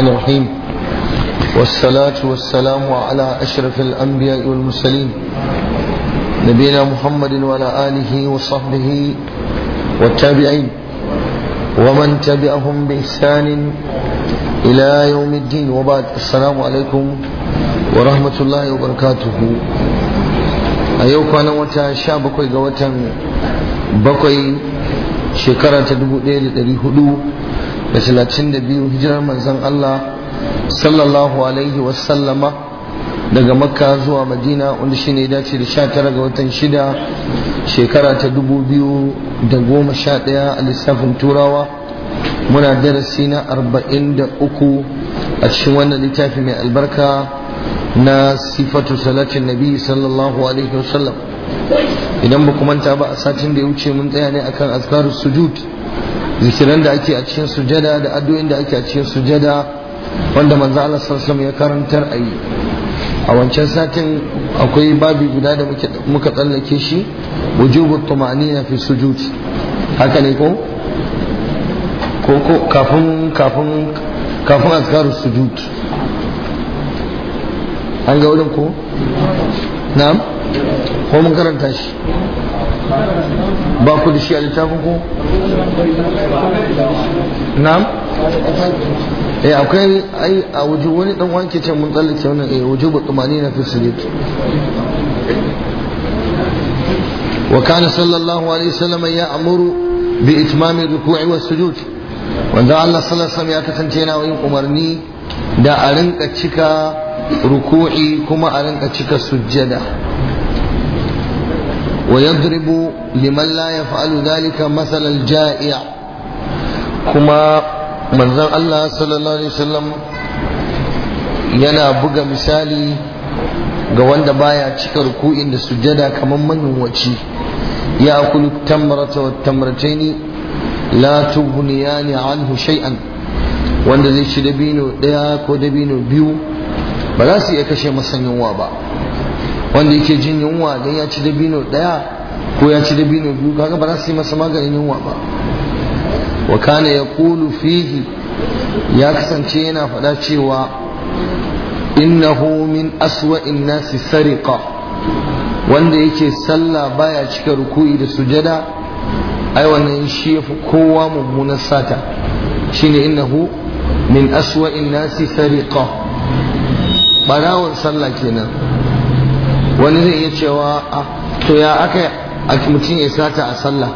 الرحمن الرحيم والصلاة والسلام على أشرف الأنبياء والمرسلين نبينا محمد وعلى آله وصحبه والتابعين ومن تبعهم بإحسان إلى يوم الدين وبعد السلام عليكم ورحمة الله وبركاته أيوك أنا وتا شابك وتا بقي شكرا تدبو ليلة da talatin da biyu hijirar manzon Allah sallallahu alaihi wasallama daga makka zuwa madina wanda shi ne dace da sha tara ga watan shida shekara ta dubu biyu da goma sha ɗaya a lissafin turawa muna darasi na arba'in da uku a cikin wannan littafi mai albarka na sifatu salatin nabi sallallahu alaihi wasallam idan ba manta ba a satin da ya wuce mun tsaya ne akan azkarus sujud zikiran da ake a cikin sujada da addu'in da ake a cikin sujada wanda manzo Allah sallallahu ya karantar a yi a wancan satin akwai babi guda da muka tsallake shi wujubu tumanina fi sujud haka ne ko ko kafin kafin kafin azkaru sujud an ga wurin ko na'am ko mun karanta shi ba ku da shi a littafin ku na'am eh akwai ai a waje wani dan wanke can mun tsallake wannan eh wujubu na fi sujud alaihi صلى ya amuru bi يأمر بإتمام الركوع والسجود wanda Allah sallallahu alaihi ya kasance yana yin umarni da a rinka cika ruku'i kuma a rinka cika sujjada ويضرب لمن لا يفعل ذلك مثل الجائع كما من ذا الله صلى الله عليه وسلم yana buga misali ga wanda baya cika ruku'in da sujjada kamar manwaci ya kulu tamrata wa tamrataini la tughniyani anhu shay'an wanda zai ci dabino daya ko dabino biyu ba za su iya kashe masa yunwa ba wanda yake jin yunwa don ya ci dabino daya ko ya ci dabino biyu kaga ba za su yi masa maganin yunwa ba wa kana kulu fihi ya kasance yana faɗa cewa innahu min aswa'in nasi sariqa wanda yake sallah baya cika ruku'i da sujada ai wannan shi yafi kowa mummunan sata shine innahu min aswa'in nasi sariqa barawon sallah kenan wani zai iya cewa ah, to ya aka mutum ya sata a sallah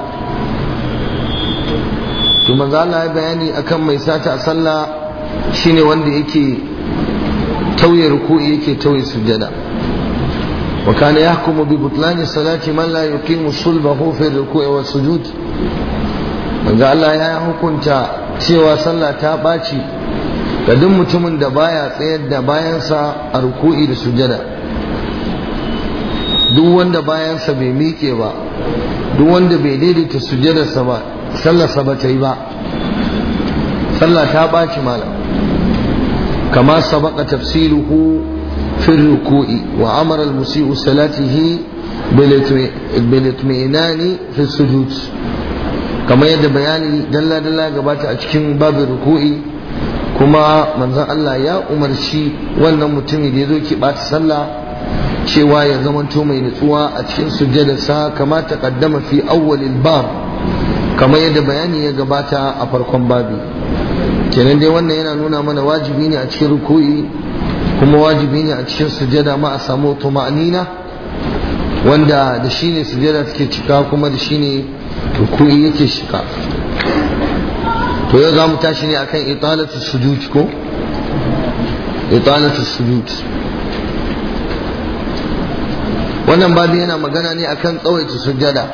to manzo Allah ya bayani akan mai sata a sallah shine wanda yake tauye ruku'i yake tauye sujada, wa kana yahkumu bi butlan salati man la yuqimu sulbahu fi ruku'i wa sujud manzo Allah ya hukunta cewa sallah ta ɓaci ga duk mutumin da baya tsayar da bayansa a ruku'i da sujada. duk wanda bayansa bai miƙe ba duk wanda bai daidaita sujjadarsa ba sallarsa ba ta yi ba sallah ta ɓaci malam kama sabaka tafsiruhu fi ruku'i wa amara al-musi'u salatihi bil itmi'nani fi sujud kamar yadda bayani dalla dalla gabata a cikin babin ruku'i kuma manzon Allah ya umarci wannan mutumin da ya zo ki ɓata sallah cewa ya zamanto mai nutsuwa a cikin sujjadarsa kama taqaddama fi awwalil bab kamar yadda bayani ya gabata a farkon babi kenan dai wannan yana nuna mana wajibi ne a cikin ruku'i kuma wajibi ne a cikin sujjada ma a samu tuma'nina wanda da shi sujjada take cika kuma da shi ruku'i yake shika to yau za mu tashi ne akan italatu sujud ko italatu sujud wannan babu yana magana ne akan tsawaita sujjada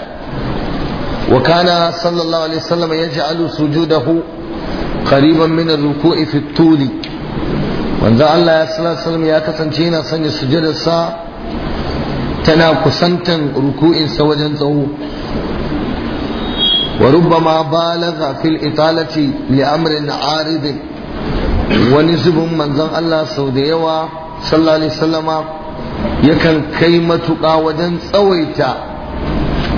wa kana sallallahu alaihi wasallam yaj'alu sujudahu qariban min ar-ruku'i fi at-tuli manzo Allah ya sallallahu alaihi wasallam ya kasance yana sanya sa tana kusantan ruku'in sa wajen tsawo وربما بالغ في الإطالة لأمر عارض ونسب من ذن الله سوديوا صلى الله عليه وسلم yakan kai matuƙa wajen tsawaita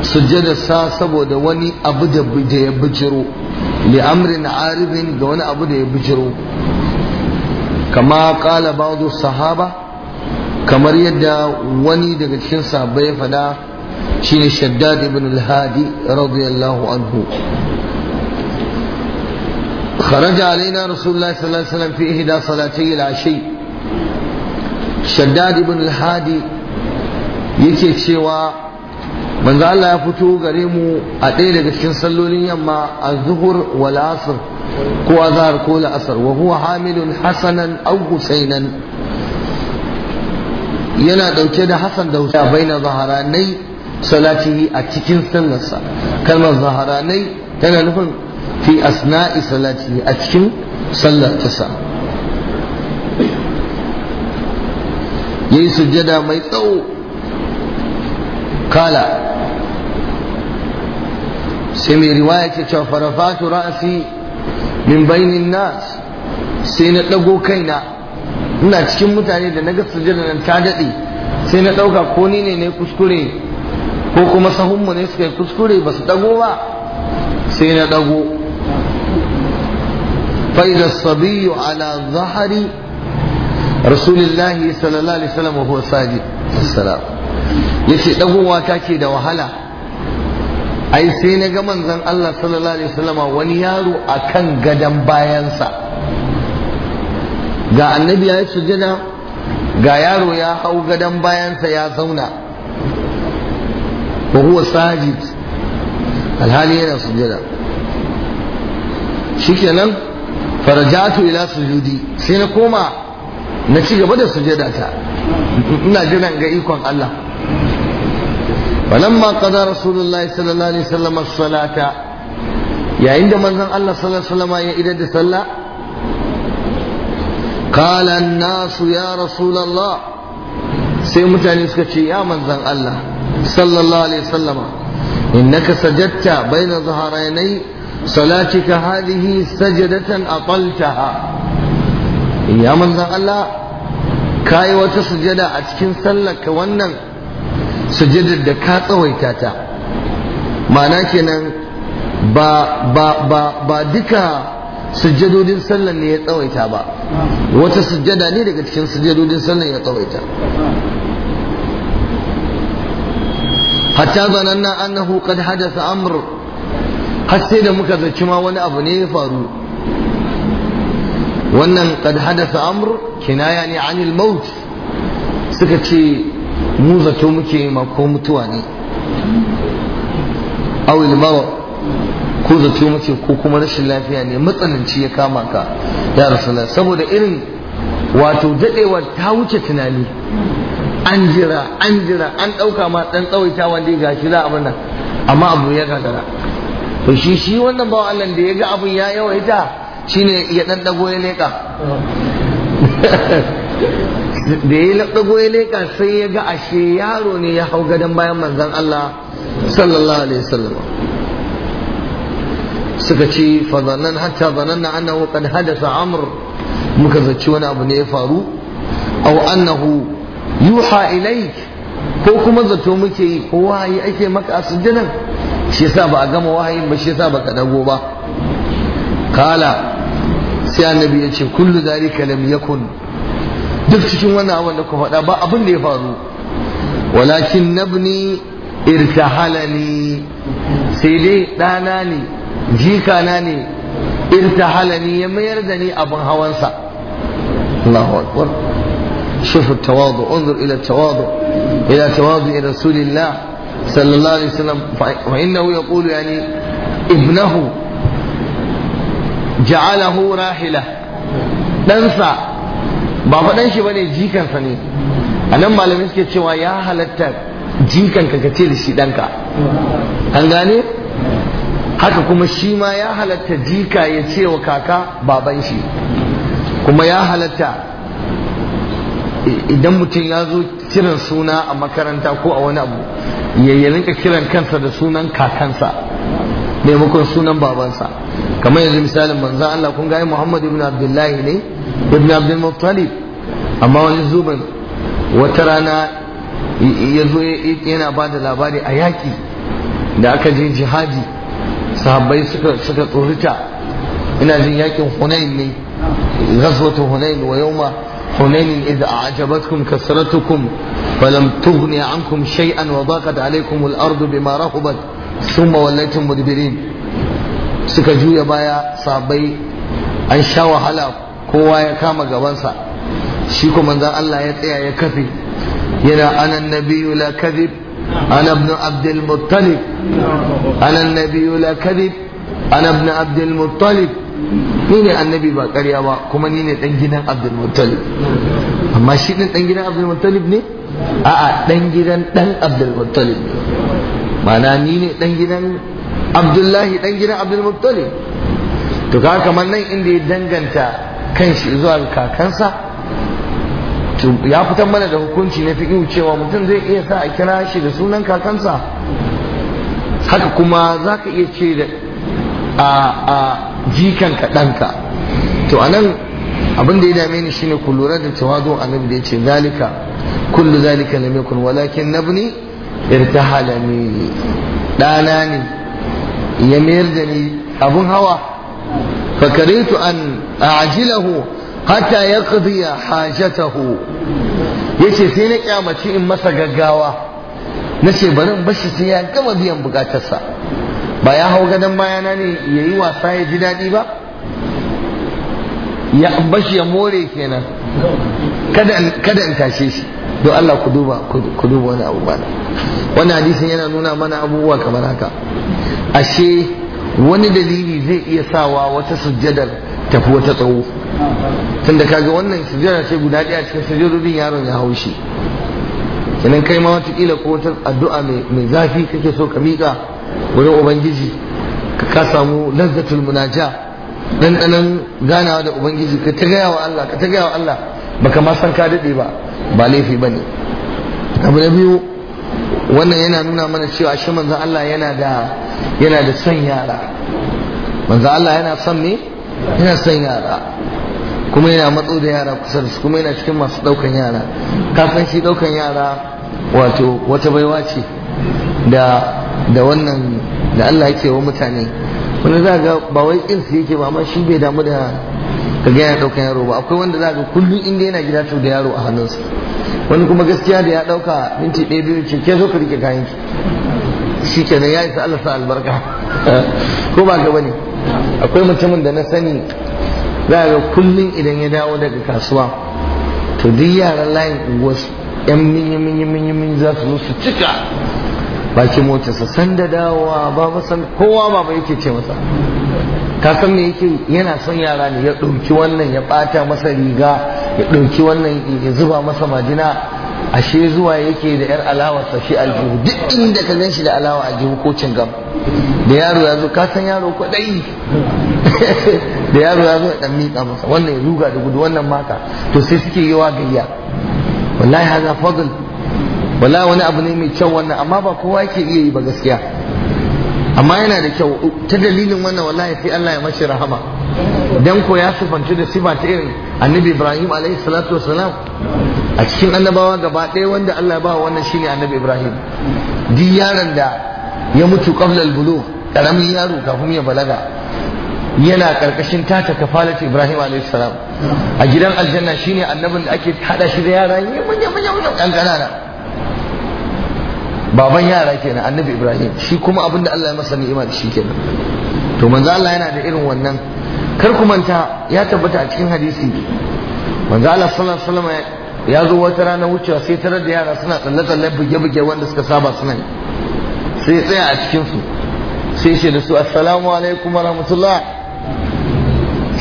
sujjada sa saboda wani abu da ya bijiro li amrin aribin ga wani abu da ya bijiro kama kala ba'du sahaba kamar yadda wani daga cikin sahabbai ya faɗa shine shaddad ibn al-hadi radiyallahu anhu خرج علينا رسول الله صلى الله عليه وسلم في إحدى صلاتي shaddad ibn al-hadi yake cewa manzo Allah ya fito gare mu a ɗaya daga cikin sallolin yamma az-zuhur wal asr ko azhar ko al-asr wa huwa hamilun hasanan aw husainan yana dauke da hasan da husain baina zaharanai salatihi a cikin sallarsa kalmar zaharanai tana nufin fi asna'i salatihi a cikin sallar tasa yi sujjada mai tsawo kala sai mai riwaya ce cewa farafatu ra'asi min bainin nas sai na ɗago kaina ina cikin mutane da na ga sujjada nan ta daɗe sai na ɗauka ko ni ne na kuskure ko kuma sahunmu ne suka yi kuskure ba su ɗago ba sai na ɗago فإذا الصبي على zahari. رسول الله صلى الله عليه وسلم وهو ساجد السلام yace dagowa ta ce da wahala ai sai na ga manzan Allah sallallahu alaihi wasallam wani yaro akan gadan bayansa ga annabi ya yi sujada ga yaro ya hau gadan bayansa ya zauna wa huwa sajid alhali yana sujada shikenan farajatu ila sujudi sai na koma na ci gaba da sujada ta ina jiran ga ikon Allah falamma qada rasulullahi sallallahu alaihi wasallam as-salata yayin da manzon Allah sallallahu alaihi wasallam ya idar da sallah qala an-nas ya rasulullah sai mutane suka ce ya manzon Allah sallallahu alaihi wasallam innaka sajadta baina zuharainai salatika hadhihi sajadatan ataltaha ya manzan Allah ka yi wata sujada a cikin sallaka wannan sujadar da ka tsawaita ta ma'ana kenan ba duka sujadodin sallar ne ya tsawaita ba wata sujada ne daga cikin sujadodin sallar ya tsawaita hatta zananna annahu qad hadatha amr har sai da muka zaci ma wani abu ne ya faru wannan qad hadasa amr kinaya ne anil maut suka ce mu zato muke ma ko mutuwa ne awil mara ko zato muke ko kuma rashin lafiya ne matsananci ya kama ka ya rasulullah saboda irin wato dadewar ta wuce tunani an jira an jira an ɗauka ma ɗan tsawaita wanda ga shi za a nan amma abu ya gagara to shi shi wannan bawa Allah da ya ga abun ya yawaita ne ya dan ya leƙa da ya dago ya leƙa sai ya ga ashe yaro ne ya hau gadon bayan manzan Allah sallallahu alaihi wasallam suka ce fa zannan hatta na annahu qad hadasa amur muka zaci wani abu ne ya faru aw annahu yuha ilaik ko kuma zato muke yi ko wahayi ake maka a shi yasa ba a gama wahayin ba shi yasa baka dago ba kala sai annabi ya ce kullu zalika lam yakun duk cikin wannan abin da ku faɗa ba abin da ya faru walakin nabni irtahalani sai dai ɗana ne jikana ne irtahalani ya mayar da ni abin hawansa Allahu akbar شوف التواضع انظر إلى التواضع إلى تواضع رسول الله صلى الله عليه وسلم فإنه يقول يعني ابنه ja'alahu rahila ɗansa ba faɗan shi bane jikansa ne a nan malamai suke cewa ya halatta jikan ka ce da shi ɗanka an gane haka kuma shi ma ya halatta jika ya ce wa kaka baban shi kuma ya halatta idan mutum ya zo kiran suna a makaranta ko a wani abu ya rinka kiran kansa da sunan kakansa maimakon sunan babansa kamar yanzu misalin manzan Allah kun ga Muhammad ibn Abdullahi ne ibn Abdul Muttalib amma wani zuban wata rana ya zo yana ba da labari a yaƙi da aka je jihadi sahabbai suka tsorita ina jin yaƙin hunain ne ghazwatu hunain wa yawma حنين إذ shai'an كثرتكم فلم تغن عنكم شيئا وضاقت عليكم الأرض بما رحبت sun wallaitun mudbirin suka juya baya sabai an sha wahala kowa ya kama gabansa shi kuma manzon Allah ya tsaya ya kafe yana anan nabiyu la kadhib ana ibn abdul muttalib Anan Nabiyu la kadhib ana ibn abdul muttalib ni ne annabi ba ƙarya ba kuma ni ne ɗan gidan abdulmuttalib amma shi ɗin ɗan gidan abdulmuttalib ne a'a ɗan gidan ɗan abdulmuttalib ne mana ni ne dan gidan abdullahi dan gidan abdulmuttalib to ka kamar nan inda ya danganta kanshi zuwa kakansa ya fitar mana da hukunci na yiwu cewa mutum zai iya sa a kira shi da sunan kakansa haka kuma za ka iya ce da a jikanka ɗanka to anan abin da ya dame ni shine ku lura da tawadu annabi da ya ce zalika kullu zalika lam yakun walakin nabni irtahalani ɗana ne ya mayar da ni abun hawa fakaritu an ajilahu hatta ya qadiya hajatahu yace sai na kyamaci in masa gaggawa nace bari in bashi sai ya gama biyan bukatarsa ba ya hau gadon bayana ne yayi wasa ya ji daɗi ba ya bashi ya more kenan kada in tashe shi don Allah ku duba ku duba wani abu ba Wani hadisin yana nuna mana abubuwa kamar haka ashe wani dalili zai iya sawa wata sujjadar tafi wata tsawo tunda kaga wannan sujjada ce guda ɗaya cikin sujjadodin yaron ya haushi kenan kai ma watakila ko wata addu'a mai zafi kake so ka miƙa wurin ubangiji ka samu lazzatul munaja ɗanɗanon ganawa da ubangiji ka ta gaya wa Allah ka ta Allah baka ma san ka dade ba ba laifi ba ne abu na biyu wannan yana nuna mana cewa shi manzan Allah yana da yana da son yara manzan Allah yana son me yana son yara kuma yana matso da yara kusa da su kuma yana cikin masu daukan yara kafin shi daukan yara wato wata baiwa ce da da wannan da Allah yake wa mutane wani za ga ba wai yake ba amma shi bai damu da ka ga yana yaro ba akwai wanda za ga kullum inda yana gida to da yaro a hannunsa wani kuma gaskiya da ya dauka minti ɗaya biyu ce ke zo ka rike kayan ki shi kenan ya isa Allah sa albarka ko ba ga bane akwai mutumin da na sani za ga kullum idan ya dawo daga kasuwa to duk yaran layin unguwarsu yan minyi minyi minyi minyi za su zo su cika bakin motarsa san da dawowa ba san kowa ba ba yake ce masa ka san me yake yana son yara ne ya ɗauki wannan ya ɓata masa riga ya ɗauki wannan ya zuba masa majina ashe zuwa yake da yar alawarsa shi aljihu duk inda ka gan shi da alawa aljihu ko cingam da yaro ya zo ka san yaro kwaɗayi da yaro ya zo ya ɗan miƙa masa wannan ya ruga da gudu wannan maka to sai suke yawa gayya wallahi haza fadl wallahi wani abu ne mai kyau wannan amma ba kowa yake iya yi ba gaskiya amma yana da kyau ta dalilin wannan wallahi sai Allah ya mashi rahama dan ko ya sifanci da sifa ta irin annabi Ibrahim alaihi salatu wasalam a cikin annabawa gaba ɗaya wanda Allah ba wannan shine annabi Ibrahim duk yaron da ya mutu qabla bulu, karamin yaro kafin ya balaga yana karkashin tata kafalat Ibrahim alaihi salam a gidan aljanna shine annabin da ake hada shi da yara manya manya manya kankana baban yara kenan annabi ibrahim shi kuma abinda Allah ya masa ni'ima da shi kenan to manzo Allah yana da irin wannan kar ku manta ya tabbata a cikin hadisi manzo Allah sallallahu alaihi wasallam ya zo wata rana wucewa sai tarar da yara suna tsalle tsalle buge buge wanda suka saba suna yi sai tsaya a cikin su sai ce da su assalamu alaikum warahmatullah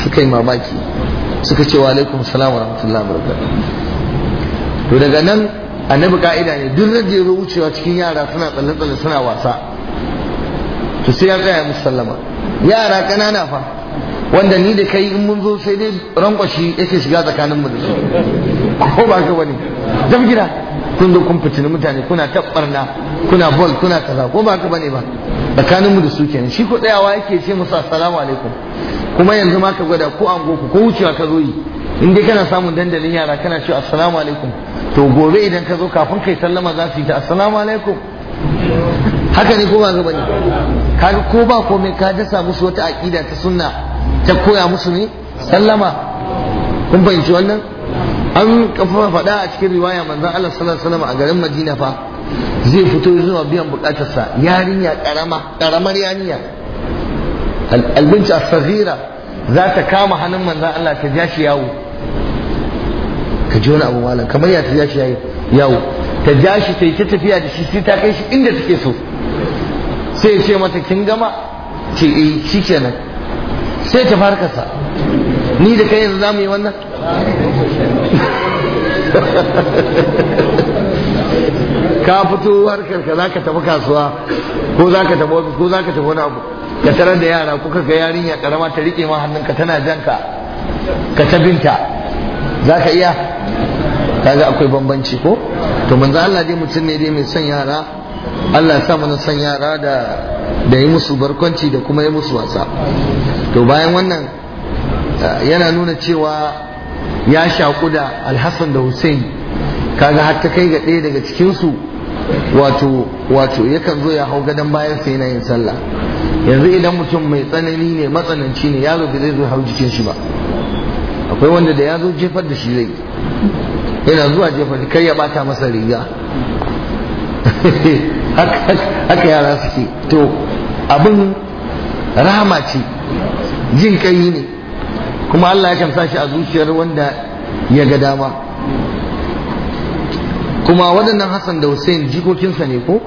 suka yi mamaki suka ce wa alaikum salam warahmatullah barakatuh to daga nan annabi ka'ida ne duk rage ya wucewa cikin yara suna tsalle tsalle suna wasa to sai ya tsaya musu sallama yara ƙanana fa wanda ni da kai in mun zo sai dai rankwashi yake shiga tsakanin mu da su ko ba ka wani zan gida kun zo kun fitini mutane kuna tabbarna kuna bol kuna kaza ko ba ka bane ba tsakanin mu da su kenan shi ko tsayawa yake ce musu assalamu alaikum kuma yanzu ma ka gwada ko ango ko wucewa ka zo yi in dai kana samun dandalin yara kana cewa assalamu alaikum to gobe idan ka zo kafin kai sallama za su yi ta assalamu alaikum haka ne ko ba ga bane kaga ko ba komai ka dasa musu wata aƙida ta sunna ta koya musu ne sallama kun fahimci wannan an kafa faɗa a cikin riwaya manzon Allah sallallahu alaihi wasallam a garin Madina fa zai fito zuwa biyan buƙatarsa yarinya karama karamar yarinya albinci as-saghira za ta kama hannun manzon Allah ta ja shi yawo ka ji wani abu malam kamar ya ta shi yayi yawo ta ja shi ta yi ta tafiya da shi sai ta kai shi inda take so sai ya ce mata kin gama ce eh shikenan sai ta farkasa ni da kai yanzu za mu yi wannan ka fito harkar ka zaka tafi kasuwa ko zaka tafi ofis ko zaka tafi wani abu ka tarar da yara ko kaga yarinya karama ta rike ma hannunka tana janka ka tabinta za zaka iya kaga akwai bambanci ko to manzo Allah dai mutum ne dai mai son yara Allah ya sa mu son yara da da yi musu barkwanci da kuma yi musu wasa to bayan wannan yana nuna cewa ya shaƙu da alhassan da hussein kaga har ta kai ga ɗaya daga cikinsu wato wato yakan zo ya hau gadon bayan sai yana yin sallah yanzu idan mutum mai tsanani ne matsananci ne yaro ba zai zo hau jikin shi ba akwai wanda da ya zo jefar da shi zai yana zuwa jefa kai ya bata masa riga haka yara suke to abin rahama ce jin kai ne kuma Allah ya kamsa shi a zuciyar wanda ya ga dama kuma waɗannan Hassan da Hussein jikokinsa ne ko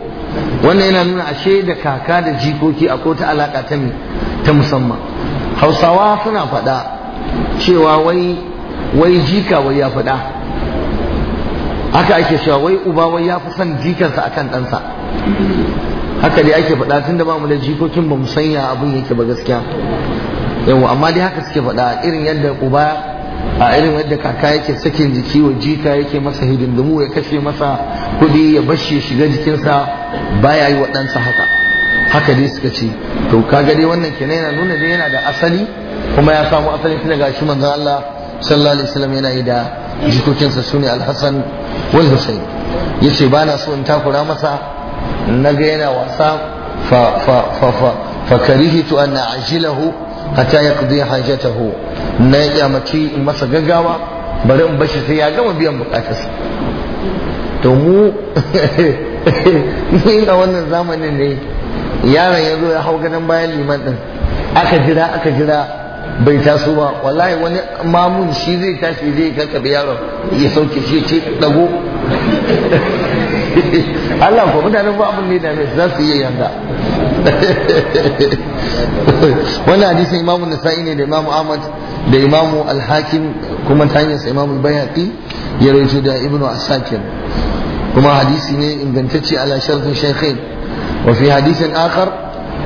wannan yana nuna ashe da kaka da jikoki a ta alaƙa ta ta musamman hausawa suna faɗa cewa wai wai jika wai ya faɗa haka ake cewa wai uba wai ya fi son jikarsa akan ɗansa haka dai ake faɗa tun da ba mu da jikokin ba mu sanya abin yake ba gaskiya yau amma dai haka suke faɗa irin yadda uba a irin yadda kaka yake sakin jiki wa jika yake masa hidindimu ya kashe masa kuɗi ya bashi shiga jikinsa baya yi wa ɗansa haka haka dai suka ce to kaga dai wannan kenan yana nuna dai yana da asali kuma ya samu asali tun daga shi manzon Allah sallallahu alaihi wasallam yana yi da jikokinsa sune al-hasan wal husayn yace ba na so in takura masa naga yana wasa fa fa fa fa fa karihtu an ajilahu hatta yaqdi hajatahu na kyamaci in masa gaggawa bari in bashi sai ya gama biyan bukatarsa to mu ni a wannan zamanin ne yaron ya zo ya hau gadon bayan liman din aka jira aka jira bai taso ba wallahi wani mamun shi zai tashi zai kakkabe yaron ya sauke shi ce dago Allah ko mutane ba abin ne da ne za su iya yanda wannan hadisin imamu nasa'i ne da imamu ahmad da imamu al-hakim kuma ta hanyar sa imamu bayhaqi ya rawaito da ibnu asakir kuma hadisi ne ingantacce ala shartin shaykhain wa fi hadisin akhar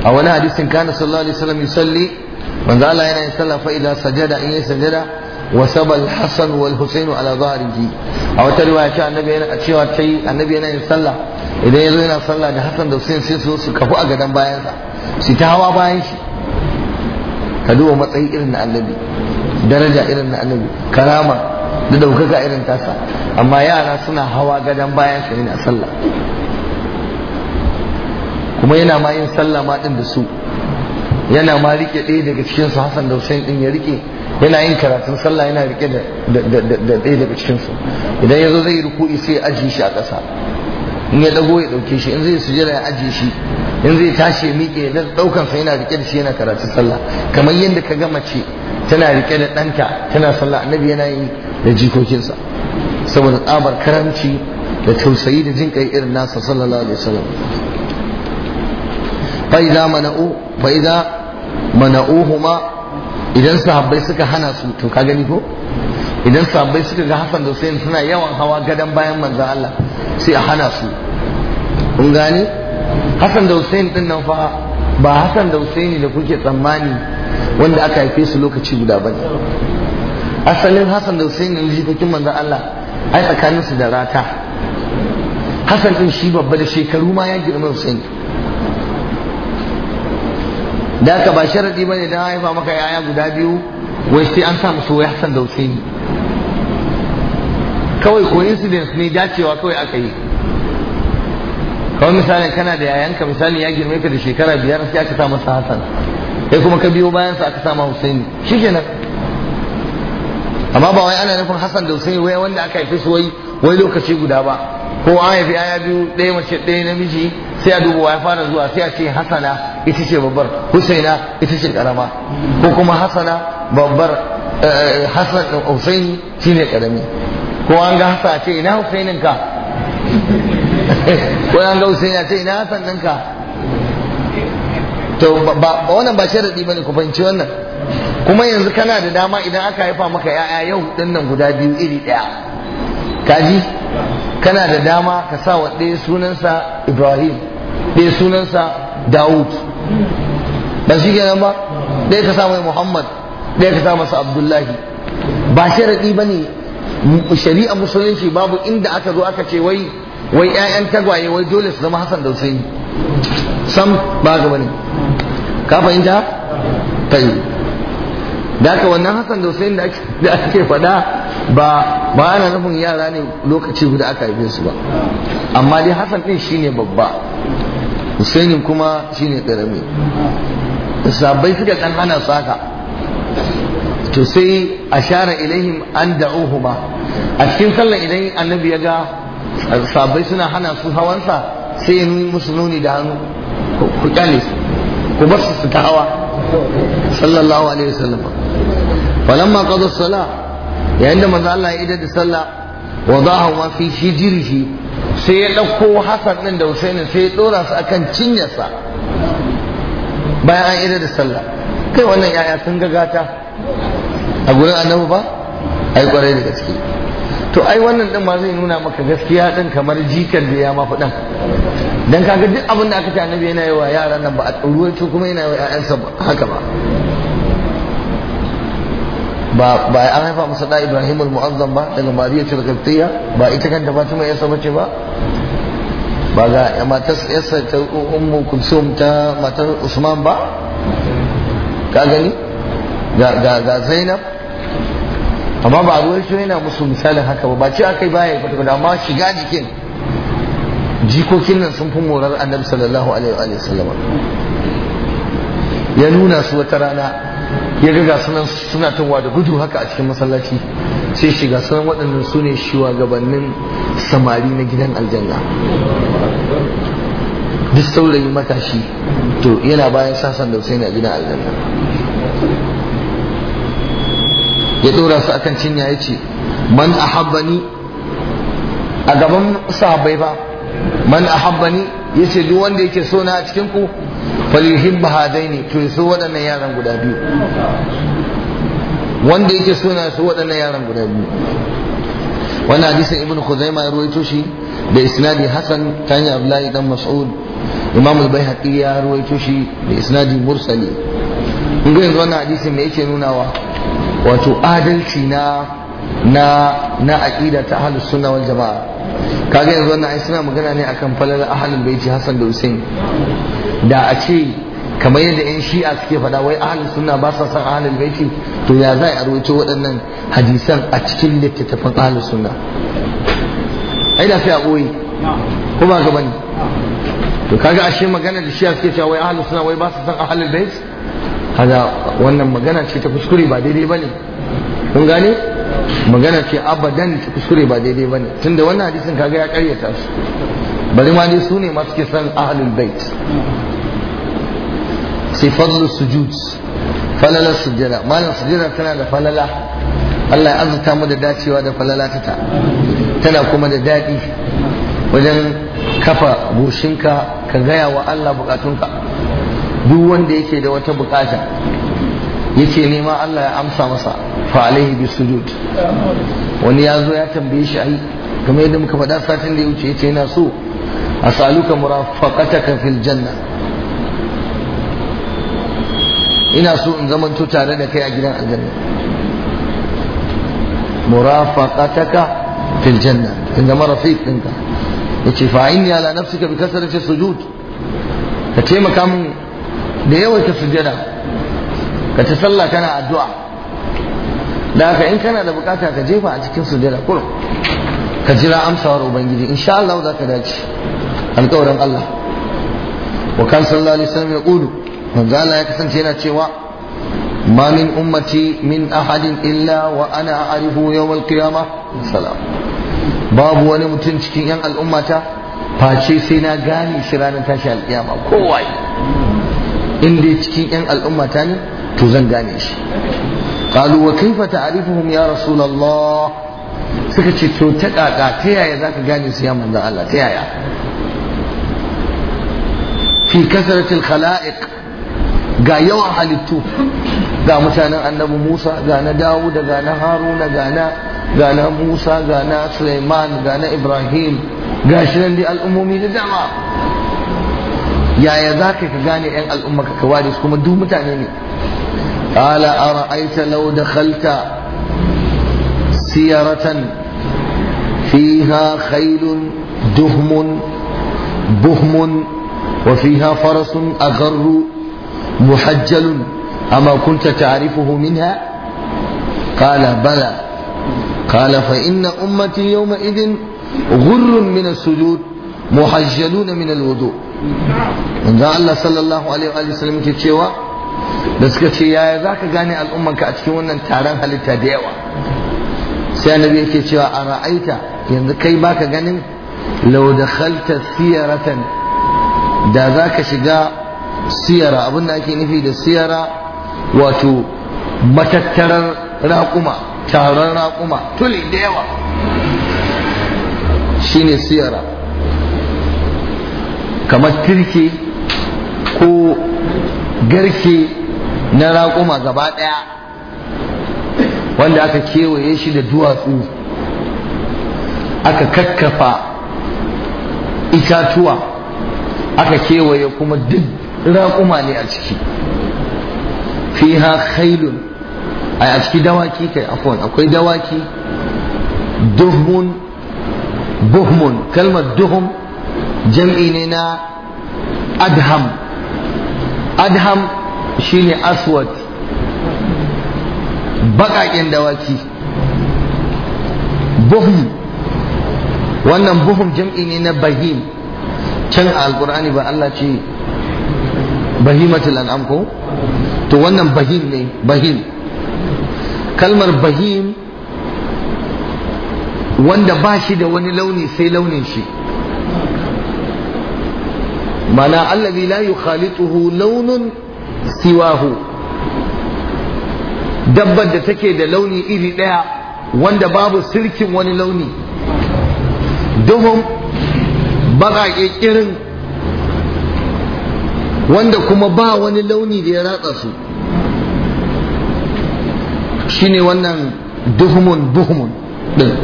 a wani hadisin kana sallallahu alaihi wasallam yusalli manzo Allah yana yin sallah fa idan sajada in yi sajada wa sabal hasan wal husainu ala zahrihi a wata riwaya ce annabi yana cewa tai annabi yana yin sallah idan yazo yana sallah da hasan da husain sai su su kafu a gadan sa su ta hawa bayan shi ka duba matsayi irin na annabi daraja irin na annabi karama da daukaka irin tasa amma yara suna hawa gadon bayan sa yana sallah kuma yana ma yin sallah ma din da su yana ma rike ɗaya daga cikin su Hassan da Hussein din ya rike yana yin karatun sallah yana rike da ɗaya daga cikin su idan zo zai ruku'i sai ya ajiye shi a ƙasa in ya dago ya ɗauke shi in zai jira ya ajiye shi in zai tashi ya miƙe da ɗaukan sa yana rike da shi yana karatun sallah kamar yadda ka gama ce tana rike da ɗanta tana sallah annabi yana yi da jikokinsa saboda tsabar karamci da tausayi da jin kai irin nasa sallallahu alaihi wasallam fa idza mana'u fa idza mana'uhuma idan sahabbai suka hana su to ka gani ko idan sahabbai suka ga Hassan da Hussein suna yawan hawa gadan bayan manzon Allah sai a hana su kun gani Hassan da Hussein din nan fa ba Hassan da Hussein da kuke tsammani wanda aka haife su lokaci guda bane asalin Hassan da Hussein ne jikokin manzon Allah ai su da rata Hassan din shi babba da shekaru ma ya girma Hussein da haka ba sharadi bane dan haifa maka yaya guda biyu wai sai an samu su Hassan da Hussein. kawai coincidence ne dacewa kawai aka yi kawai misali kana da yayanka misali ya girme ka da shekara biyar sai aka sa masa Hassan kai kuma ka biyo bayan sa aka sa ma Husaini shikenan amma ba wai ana nufin Hassan da Hussein wai wanda aka haife su wai wai lokaci guda ba ko an haifi yaya biyu ɗaya mace ɗaya namiji sai a duba ya fara zuwa sai a ce Hassana ita ce babbar husaina ita ce karama ko kuma hasana babbar eh, hasan eh, husaini shine karami ko an ga hasa ce ina husainin ka ko an ga husaina ce ina hasan ɗinka to ba wannan ba shi ba bane ku fahimci wannan kuma yanzu kana da dama idan aka haifa maka ya'ya yau ɗin nan guda biyu iri ɗaya kaji kana da dama ka sa wa ɗaya sunansa Ibrahim ɗaya sunansa Dawud ba shi kenan ba ɗaya ka samu Muhammad ɗaya ka samu Abdullahi ba sharadi bane shari'a musulunci babu inda aka zo aka ce wai wai ƴaƴan tagwaye wai dole su zama Hassan da Husaini sam ba ga bane ka fahimta tayi da ka wannan Hassan da Husaini da ake faɗa ba ba ana nufin yara ne lokaci guda aka haife su ba amma dai Hassan din shine babba husainin kuma shi ne karami sabai suka ɗan hana su haka to sai a share ilayhim an ba. a cikin sallar idan annabi ya ga sabai suna hana su hawansa sai yi musu nuni da hannu ku kyale su ku bar su su ta hawa sallallahu alaihi wasallam falamma qada as-salah yayin da manzo Allah ya idar da sallah wadahuma fi shijirhi sai ya ɗauko Hassan ɗin da Husaini sai ya ɗora su akan cinyarsa bayan an idar da sallah kai wannan yaya sun ga a gurin annabi ba ai kwarai da gaske to ai wannan ɗin ma zai nuna maka gaskiya ɗin kamar jikar da ya mafi ɗan dan kaga duk abin da aka ce annabi yana yi wa yaran nan ba a ruwaito kuma yana yi wa haka ba ba ba an haifa masa da Ibrahim al-Mu'azzam ba daga Mariya Tilqibtiyya ba ita kanta Fatima yasa bace ba ba ga mata yasa ta Ummu Kulsum ta matar Usman ba ka gani ga ga ga Zainab amma ba ruwan shi yana musu misalin haka ba ba ce akai baya kwata-kwata amma shiga jikin jikokin nan sun fi morar annabi sallallahu alaihi wa sallam. ya nuna su wata rana ya ga sanan suna tawa da gudu haka a cikin masallaci sai shiga sanan waɗannan su ne shugabannin samari na gidan aljanna duk saurayi matashi to yana bayan sasan da sai na gidan aljanna ya ɗora su akan cinya ya ce man ahabbani a gaban sahabbai ba man ahabbani yace duk wanda yake so na cikin ku falyuhibba hadaini to yaso waɗannan yaran guda biyu wanda yake so na so waɗannan yaran guda biyu wannan hadisin ibnu khuzaima ya ruwaito shi da isnadi hasan ta hanyar abdullahi dan mas'ud imam al-baihaqi ya ruwaito shi da isnadi mursali in ga yanzu wannan hadisin me yake nunawa wato adalci na na na aqida ta ahlus sunna wal jamaa kage yanzu wannan ai suna magana ne akan falal ahlul baiti Hassan da Hussein da a ce kamar yadda yan shi'a suke faɗa wai ahlus sunna ba sa san ahlul baiti to ya za a rawaito waɗannan hadisan a cikin littattafan ahlus sunna ai da sai a koyi ko ba ka bane to kaga ashe magana da shi'a suke cewa wai ahlus sunna wai ba sa san ahlul baiti kaga wannan magana ce ta kuskure ba daidai bane kun gane magana ce abadan ta kuskure ba daidai ba ne tunda wannan hadisin kaga ya karyata su bari ma ne su ne masu ke san ahalin bait sai fadlu sujud falala sujjada malam sujjada tana da falala Allah ya azurta mu da dacewa da falala ta ta tana kuma da daɗi wajen kafa goshinka ka gaya wa Allah bukatunka duk wanda yake da wata bukata yace nema Allah ya amsa masa fa alaihi bisujud wani ya zo ya tambaye shi ai kamar yadda muka faɗa satin da ya wuce yace yana so asaluka murafaqataka fil janna ina so in zamanto tare da kai a gidan aljanna murafaqataka fil janna in zama rafiq ɗinka yace fa inni ala nafsika bi kasrati sujud ka taimaka min da yawaita sujada ka ci sallah kana addu'a da haka in kana da bukata ka jefa a cikin sujada kurum ka jira amsawar ubangiji insha Allah za ka dace alƙawarin Allah wa kan sallallahu alaihi wasallam ya qulu manzo Allah ya kasance yana cewa ma min ummati min ahadin illa wa ana a'rifu yawm al-qiyamah salam babu wani mutum cikin yan al'ummata face sai na gane shi ranar tashi alƙiyama kowa in dai cikin yan al'ummata ne to zan gane shi qalu wa kaifa ta'rifuhum ya rasulullah suka ce to ta kaka ta yaya zaka gane su ya manzon Allah ta yaya fi kasratil khalaiq ga yawan halittu ga mutanen annabi Musa ga na Dawud ga na Haruna ga na ga na Musa ga na Sulaiman ga na Ibrahim ga shi nan al'ummomi da dama yaya za ka gane 'yan al'umma ka ware su kuma duk mutane ne قال أرأيت لو دخلت سيرة فيها خيل دهم بهم وفيها فرس أغر محجل أما كنت تعرفه منها قال بلى قال فإن أمتي يومئذ غر من السجود محجلون من الوضوء من الله صلى الله عليه وآله وسلم كتشيوه da suka ce yaya za ka gane al'ummanka a cikin wannan taron halitta da yawa sai annabi yake cewa a ra'aita yanzu kai ba ka ganin lau da khalta siyaratan da za ka shiga siyara abin da ake nufi da siyara wato matattarar raƙuma taron raƙuma tuli da yawa shine siyara kamar tirke ko garke na raƙuma gaba ɗaya wanda aka kewaye shi da duwatsu aka kakkafa itatuwa aka kewaye kuma duk raƙuma ne a ciki ha khailun a ciki dawaki kai akwai dawaki duhmun buhmun kalmar duhum jam'i ne na adham adham shine aswad baƙaƙen dawaki buhum wannan buhum jam'i ne na bahim can a alƙur'ani ba Allah ce bahimatul an'am ko to wannan bahim ne bahim kalmar bahim wanda ba shi da wani launi sai launin shi mana allazi la yukhalituhu launun siwahu dabbar da take da launi iri ɗaya wanda babu sirkin wani launi duhun baƙaƙe ƙirin wanda kuma ba wani launi da ya ratsa su shine wannan duhumun buhumun ɗin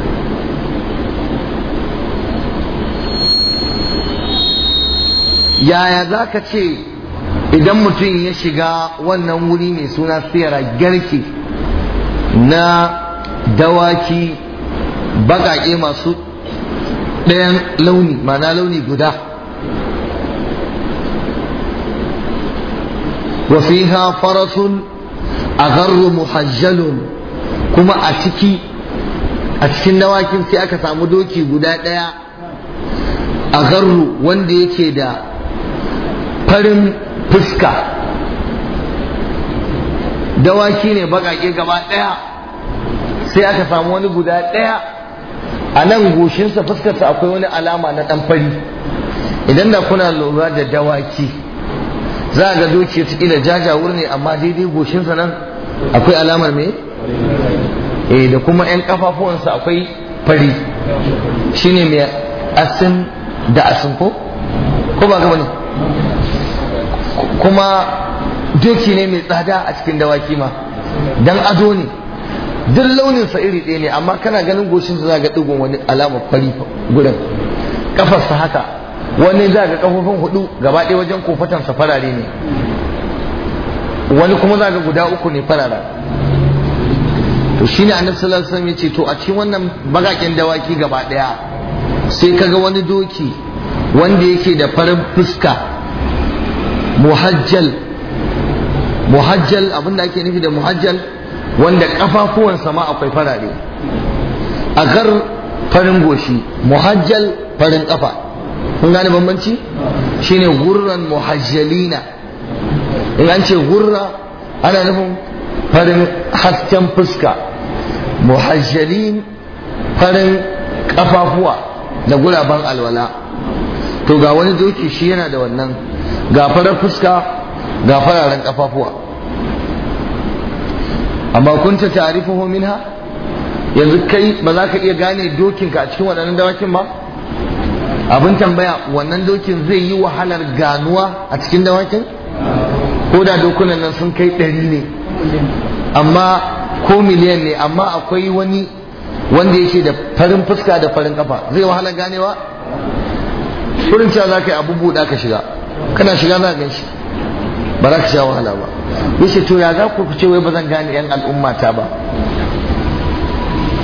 yaya za ka ce idan mutum ya shiga wannan wuri mai suna tsira garki na dawaki bakaƙe masu ɗayan launi mana launi guda wasiha farasun a garru muhajjalun kuma a ciki a cikin dawakin sai aka samu doki guda ɗaya a garru wanda yake da farin fuska dawaki ne baƙaƙe gaba ɗaya sai aka samu wani guda ɗaya a nan goshinsa fuskarsa akwai wani alama na ɗan fari idan da kuna lura da dawaki za a ga doki ta ila jajawur ne amma daidai goshinsa nan akwai alamar me eh da kuma 'yan kafafuwansa akwai fari shine mai asin da asin ko ko ba gaba ne kuma doki ne mai tsada a cikin dawaki ma dan ado ne duk sa iri ɗaya ne amma kana ganin goshin za ga ɗigon wani alamar fari gurin kafarsa haka wani za ga kafofin hudu gaba ɗaya wajen sa farare ne wani kuma za ga guda uku ne farara to shine annabi sallallahu alaihi wasallam yace to a cikin wannan bagaken dawaki gaba ɗaya sai kaga wani doki wanda yake da farin fuska muhajjal muhajjal abinda ake nufi da muhajjal wanda kafafuwan sama akwai farare a gar farin goshi muhajjal farin kafa kun gane bambanci shine gurran muhajjalina in an ce gurra ana nufin farin hasken fuska muhajjalin farin kafafuwa da guraben alwala to ga wani doki shi yana da wannan ga farar fuska ga fararen kafafuwa amma kunta ta'rifuhu ha yanzu kai ba za ka iya gane dokinka a cikin waɗannan dawakin ba abin tambaya wannan dokin zai yi wahalar ganuwa a cikin dawakin ko da dokunan nan sun kai ɗari ne amma ko miliyan ne amma akwai wani wanda yake da farin fuska da farin kafa zai wahalar ganewa kurin cewa za ka yi abubuwa ka shiga kana shiga za gan shi ba za ka sha wahala ba yace to ya za ku ce wai ba zan gane yan al'ummata ba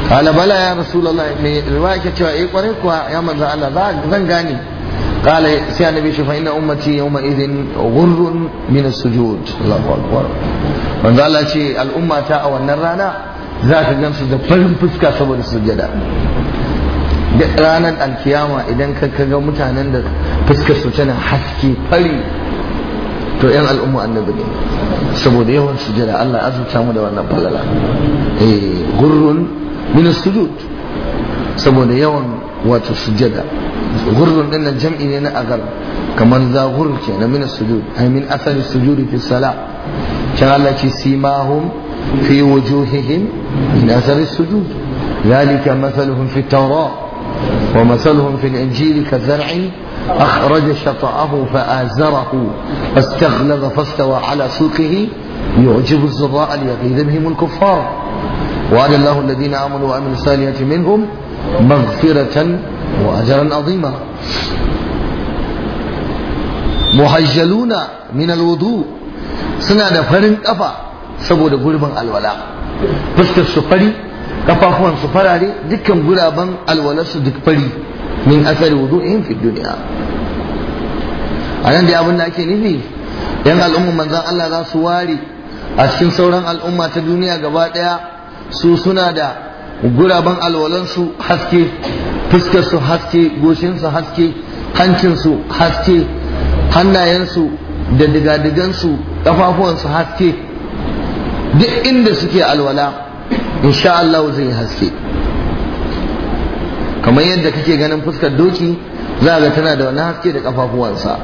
qala bala ya rasulullah me riwaya ke cewa eh kwarai kuwa ya manzo Allah zan gane قال سي النبي شوف ان امتي يومئذ غر من السجود الله اكبر من قال لك الامه تا a wannan rana za ka gamsu da farin fuska saboda sujjada duk ranar alkiyama idan ka kaga mutanen da fuskar su tana haske fari to yan al'umma annabi ne saboda yawan sujada Allah ta mu da wannan falala eh gurrun min sujud saboda yawan wato sujada gurrun din nan jam'i ne na agar kamar za gurr ke na min sujud ai min asal sujud fi salat ta Allah ci simahum fi wujuhihim min asal sujud ذلك مثلهم في التوراه ومثلهم في الإنجيل كزرع أخرج شطأه فآزره فاستغلظ فاستوى على سوقه يعجب الزراء ليغيظ بهم الكفار وعد الله الذين آمنوا وعملوا الصالحات منهم مغفرة وأجرا عظيما مهجلون من الوضوء suna فرن أفا سبو saboda الولاء alwala fuskar kafafuwan su farare dukkan guraben alwalarsu duk fari min asali in fi duniya a nan dai abin da ake nufi yan al'umma manzan Allah za su ware a cikin sauran al'umma ta duniya gaba daya su suna da guraben alwalansu haske fuskarsu haske su haske hancinsu haske hannayensu da kafafuwan su haske duk inda suke alwala insha Allah zai haske kamar yadda kake ganin fuskar doki za ga tana da wani haske da kafafuwansa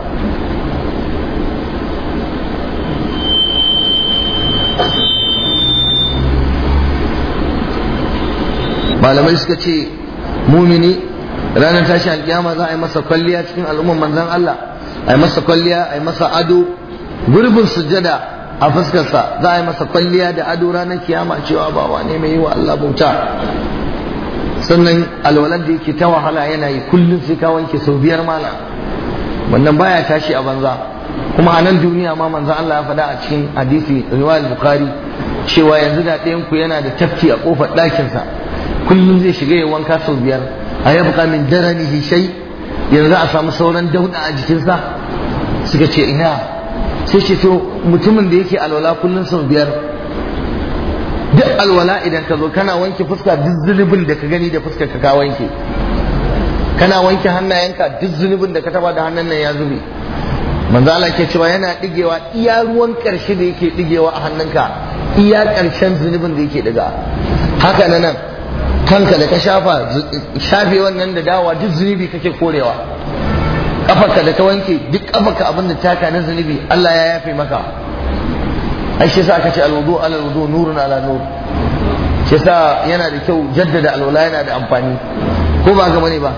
malamai suka ce mumini ranar tashi alkiyama za a yi masa kwalliya cikin al'umman manzan Allah a yi masa kwalliya a yi masa ado gurbin sujada a fuskarsa za a yi masa kwalliya da ado ranar kiyama cewa bawa ne mai yi wa Allah bauta sannan alwalar da yake ta wahala yana yi kullum sai ka wanke sau biyar mala wannan baya tashi a banza kuma a nan duniya ma manzo Allah ya faɗa a cikin hadisi riwayat bukhari cewa yanzu da ɗayan ku yana da tafki a kofar ɗakinsa kullum zai shiga ya wanka sau biyar a ya buƙa min daranihi shai yanzu a samu sauran dauda a jikinsa suka ce ina sai ce to mutumin da yake alwala kullum sau biyar duk alwala idan ka zo kana wanke fuska duk zunubin da ka gani da fuskar ka ka wanke kana wanke hannayenka duk zunubin da ka taba da hannun nan ya zube manzo Allah ke cewa yana digewa iya ruwan karshe da yake digewa a hannunka iya karshen zunubin da yake diga haka nan kanka da ka shafa shafe wannan da dawa duk zunubi kake korewa kafarka da ta wanke duk kafarka abin da taka na zunubi Allah ya yafe maka ai shi yasa aka ce alwudu ala alwudu nurun ala nur shi yasa yana da kyau jaddada alwala yana da amfani ko ba ga bane ba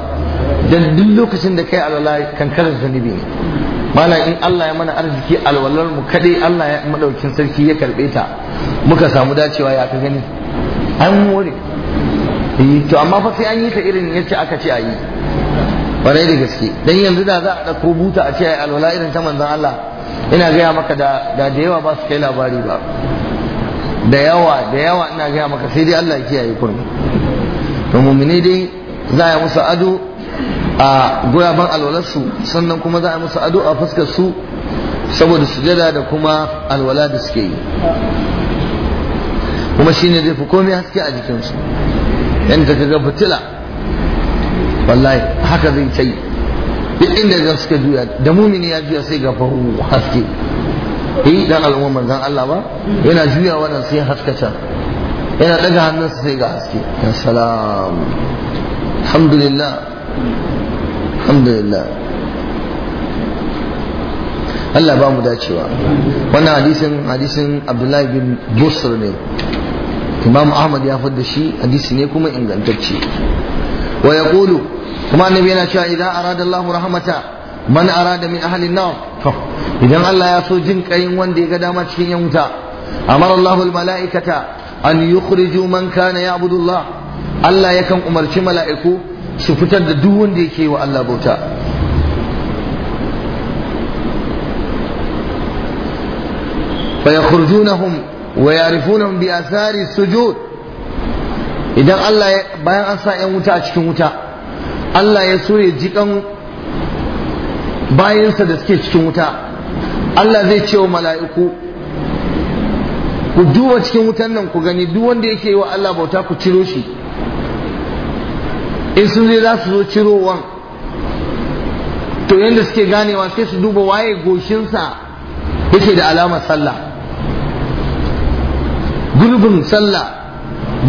dan duk lokacin da kai alwala kankar zunubi ne in Allah ya mana arziki alwalar mu kadai Allah ya madaukin sarki ya karbe ta muka samu dacewa ya ka gani an more eh, to amma fa sai an yi ta irin yace aka ce ayi. kwarai da gaske dan yanzu da za a ɗauko buta a ce alwala irin ta manzon Allah ina gaya maka da da yawa ba su kai labari ba da yawa da yawa ina gaya maka sai dai Allah ya kiyaye kurmi to mu'mini dai za a yi musu ado a guraben alwalarsu sannan kuma za a yi musu ado a fuskar su saboda sujada da kuma alwala da suke yi kuma shine zai fi komai haske a jikinsu yanda ka ga fitila wallahi haka zai ta yi duk inda ga suka juya da mumini ya juya sai ga fahu haske eh dan al'umma manzon Allah ba yana juya wannan sai haskata yana daga hannunsa sai ga haske ya salam alhamdulillah alhamdulillah Allah ba mu dacewa wannan hadisin hadisin Abdullahi bin Busr ne Imam Ahmad ya fadda shi hadisi ne kuma ingantacce wa yaqulu kuma annabi yana cewa idan arada Allah rahmata man arada min ahli an-nar to idan Allah ya so jin kayin wanda ya ga dama cikin yan wuta amara Allah al-mala'ikata an yukhriju man kana ya'budu Allah Allah yakan umarci mala'iku su fitar da duk wanda yake wa Allah bauta فيخرجونهم ويعرفونهم بآثار السجود idan Allah bayan an sa ‘yan wuta a cikin wuta Allah ya so ya jiƙan bayansa da suke cikin wuta Allah zai ce wa mala'iku ku duba cikin wutan nan ku gani duk wanda yake yi wa Allah bauta ku ciro shi in sun zai za su zo cirowan to yadda suke ganewa sai su duba waye goshinsa yake da alamar sallah gurbin sallah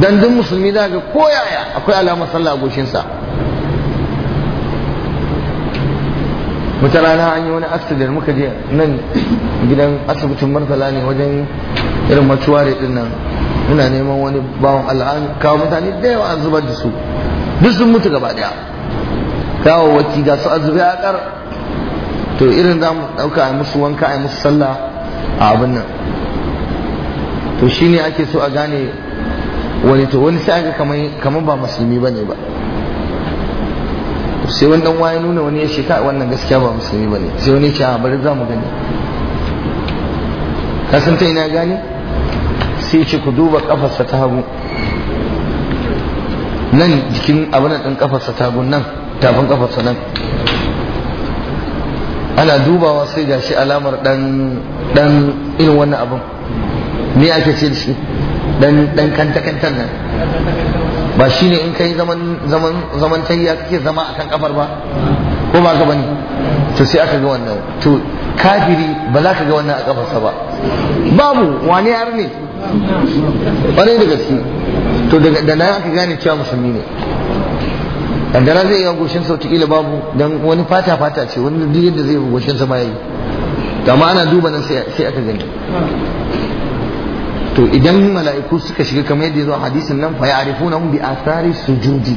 dandun musulmi daga koyaya akwai alamar sallah a goshinsa wata rana an yi wani accident muka je nan gidan asibitin martala ne wajen irin matuware din nan muna neman wani bawon al'an kawo mutane da yawa an zubar da su duk sun mutu gaba daya kawo waki ga su azubi a kar to irin za mu dauka a musu wanka a musu sallah a abin nan to shine ake so a gane wani to wani sai ga kamar ba musulmi bane ba sai wani waye nuna wani ya ce ka wannan gaskiya ba musulmi bane sai wani ya ce a bari za mu gani ka san ta ina gani. sai ce ku duba kafarsa ta hagu nan jikin abin ɗin kafarsa ta hagu nan tafin kafarsa nan ana dubawa sai gashi alamar dan dan irin wannan abin me ake ce da shi dan dan kanta kantan nan ba shi ne in kai zaman zaman zaman tayya kake zama akan kafar ba ko ba ka bani to sai aka ga wannan to kafiri ba za ka ga wannan a kafarsa ba babu wane yar ne Wani da gaske to da na aka gane cewa musulmi ne kaddara zai yi goshin sau kila babu don wani fata fata ce wani duk yadda zai yi goshin sa ma yayi amma ana duba nan sai aka gani to idan mala'iku suka shiga kamar yadda zuwa hadisin nan fa ya'rifunahum bi athari sujudi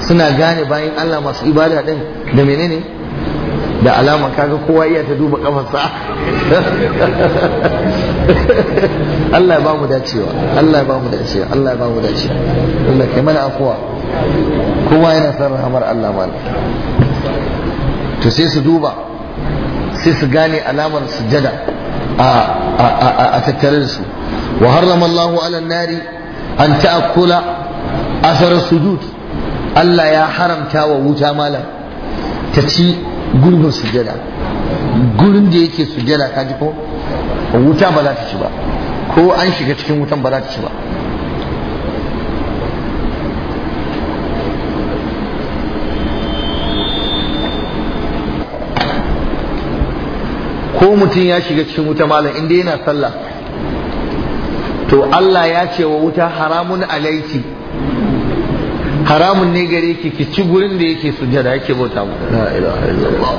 suna gane bayan Allah masu ibada din da menene da alama kaga kowa iya ta duba kafarsa Allah ya ba mu dacewa Allah ya ba mu dacewa Allah ya ba mu dacewa Allah kai mana afuwa kowa yana san rahamar Allah ma. to sai su duba sai su gane alamar sujada a tattare da su wa harrama Allahu ala nari an ta'akkula asar sujud Allah ya haramta wa wuta malam ta ci gurbin sujada gurin da yake sujada ka ji ko wuta ba za ta ci ba ko an shiga cikin wutan ba za ta ci ba ko mutum ya shiga cikin wuta malam inda yana sallah to Allah ya ce wa wuta haramun alaiki haramun ne gare ki ki ci gurin da yake sujada yake bauta mu la ilaha illallah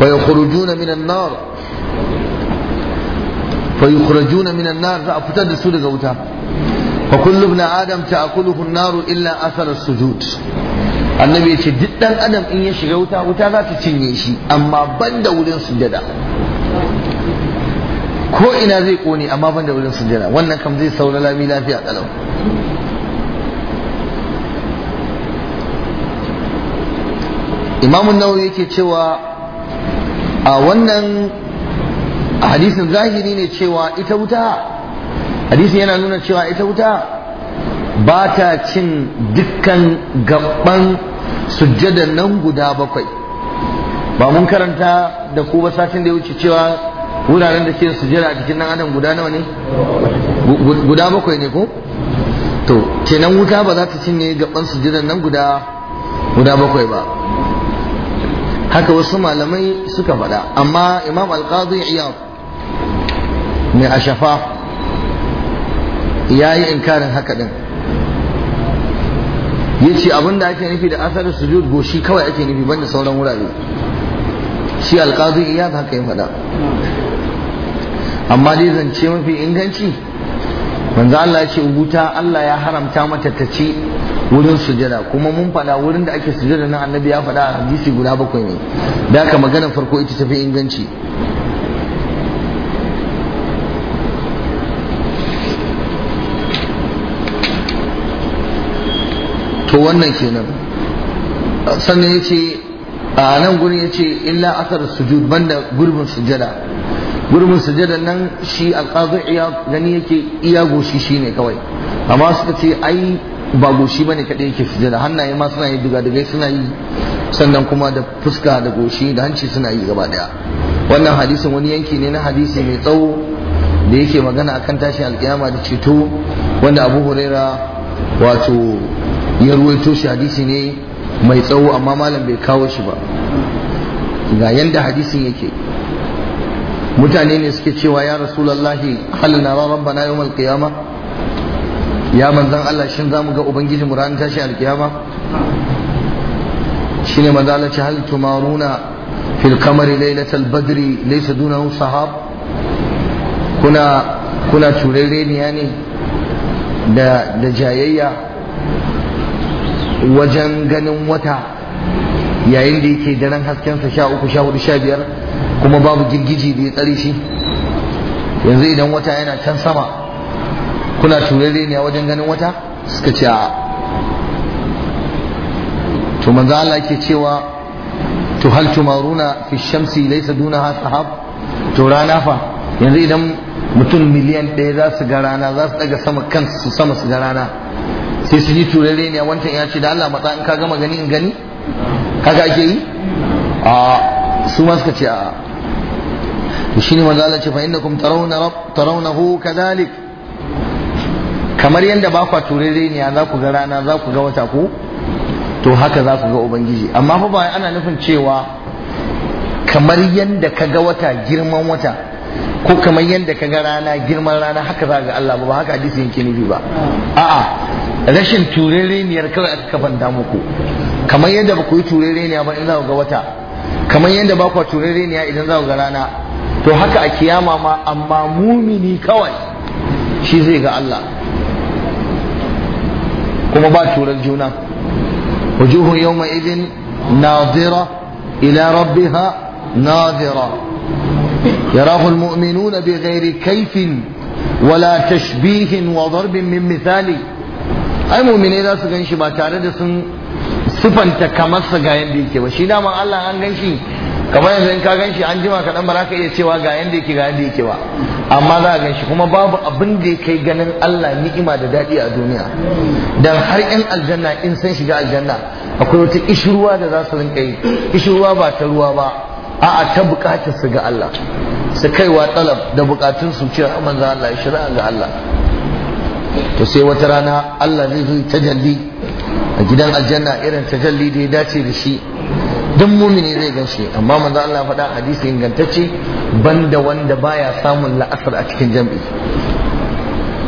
wa yakhrujuna minan nar fa yukhrajuna minan nar za a fitar da su daga wuta fa kullu ibn adam ta'kuluhu an-nar illa asarar as-sujud annabi ya ce duk dan adam in ya shiga wuta wuta za ta cinye shi amma ban da wurin sujada ko ina zai kone amma ban da wurin sujada wannan kam zai saura lami lafiya kalau imamun nawawi yake cewa a wannan hadisin zahiri ne cewa ita wuta hadisin yana nuna cewa ita wuta ba ta cin dukkan gabban sujjadan nan guda bakwai ba mun karanta da ku ba satin da ya wuce cewa wuraren da ke sujjada a cikin nan adam guda nawa ne guda bakwai ne ko to kenan wuta ba za ta cinye gaban sujjadan nan guda bakwai ba haka wasu malamai suka faɗa amma imam alqazi iya mai ashafa ya yi inkarin haka din ya yace abinda ake nufi da asarar sujud goshi kawai ake nufi banda sauran wurare shi alqadi iyad haka yi faɗa amma dai zance mafi inganci manzo Allah ya ce ubuta Allah ya haramta mata ta ci wurin sujada kuma mun faɗa wurin da ake sujada nan annabi ya faɗa hadisi guda bakwai ne da aka magana farko ita tafi inganci to wannan kenan sannan ya ce a nan guri ya ce illa su sujud banda gurbin sujada gurbin sujada nan shi alƙazin iya gani yake iya goshi shi ne kawai amma suka ce ai ba goshi ba ne kaɗai yake sujada hannaye ma suna yi dugadugai suna yi sannan kuma da fuska da goshi da hanci suna yi gaba daya wannan hadisin wani yanki ne na hadisi mai tsawo da yake magana akan tashin alkiyama da ceto wanda abu huraira wato ya ruwaito shi hadisi ne mai tsawo amma malam bai kawo shi ba ga yanda hadisin yake mutane ne suke cewa ya rasu rasulallahi halina bana yawon alkiyama ya manzan Allah shin mu ga ubangiji mu ran tashi alkiyama shine ne mazalaci hal tumaruna fil qamari laylatal badri laysa dunahu sahab kuna kuna ne da jayayya wajen ganin wata yayin da yake daren haskensa sha uku sha hudu sha biyar kuma babu girgiji da ya tsare shi yanzu idan wata yana can sama kuna turare ne a wajen ganin wata suka ce a to manzo Allah yake cewa to hal tumaruna fi shamsi laysa dunaha sahab to rana fa yanzu idan mutum miliyan ɗaya za su ga rana za su daga sama kansu sama su ga rana sai su yi turare ne wancan ya ce da Allah matsa in ka gama gani in gani kaga ake yi a su ma suka ce a to shine manzo Allah ce fa innakum tarawna rabb tarawnahu kadhalik kamar yadda ba kwa turare ne za ku ga rana za ku ga wata ku to haka za ku ga ubangiji amma fa ba ana nufin cewa kamar yadda ka ga wata girman wata ko kamar yadda ka ga rana girman rana haka za ga Allah ba haka hadisi yake nufi ba hmm. a'a rashin turereniyar kawai aka kafanta muku kamar yadda ba ku yi turereniya ba in za ga wata kamar yadda ba ku turereniya idan za ga rana to haka a kiyama ma amma mumini kawai shi zai ga Allah kuma ba turar juna wujuhu yawma idin nadira ila rabbiha nadira يراه المؤمنون بغير كيف ولا تشبيه وضرب من مثالي ai muminai za su gan ba tare da sun sifanta kamar sa ga yanda yake ba shi daman Allah an gan shi kamar yanzu in ka gan shi an jima kaɗan ba za ka iya cewa ga yanda yake ga yanda yake ba amma za a gan shi kuma babu abin da ya kai ganin Allah ni'ima da daɗi a duniya dan har yan aljanna in san shiga aljanna akwai wata kishirwa da za su rinka yi Kishirwa ba ta ruwa ba a'a ta bukatar su ga Allah su kaiwa talab da bukatun su ce manzo Allah shira ga Allah to sai wata rana Allah zai zo tajalli a gidan aljanna irin tajalli da ya dace da shi duk mumini zai gan shi amma manzo Allah faɗa hadisi ingantacce banda wanda baya samun la'asar a cikin jam'i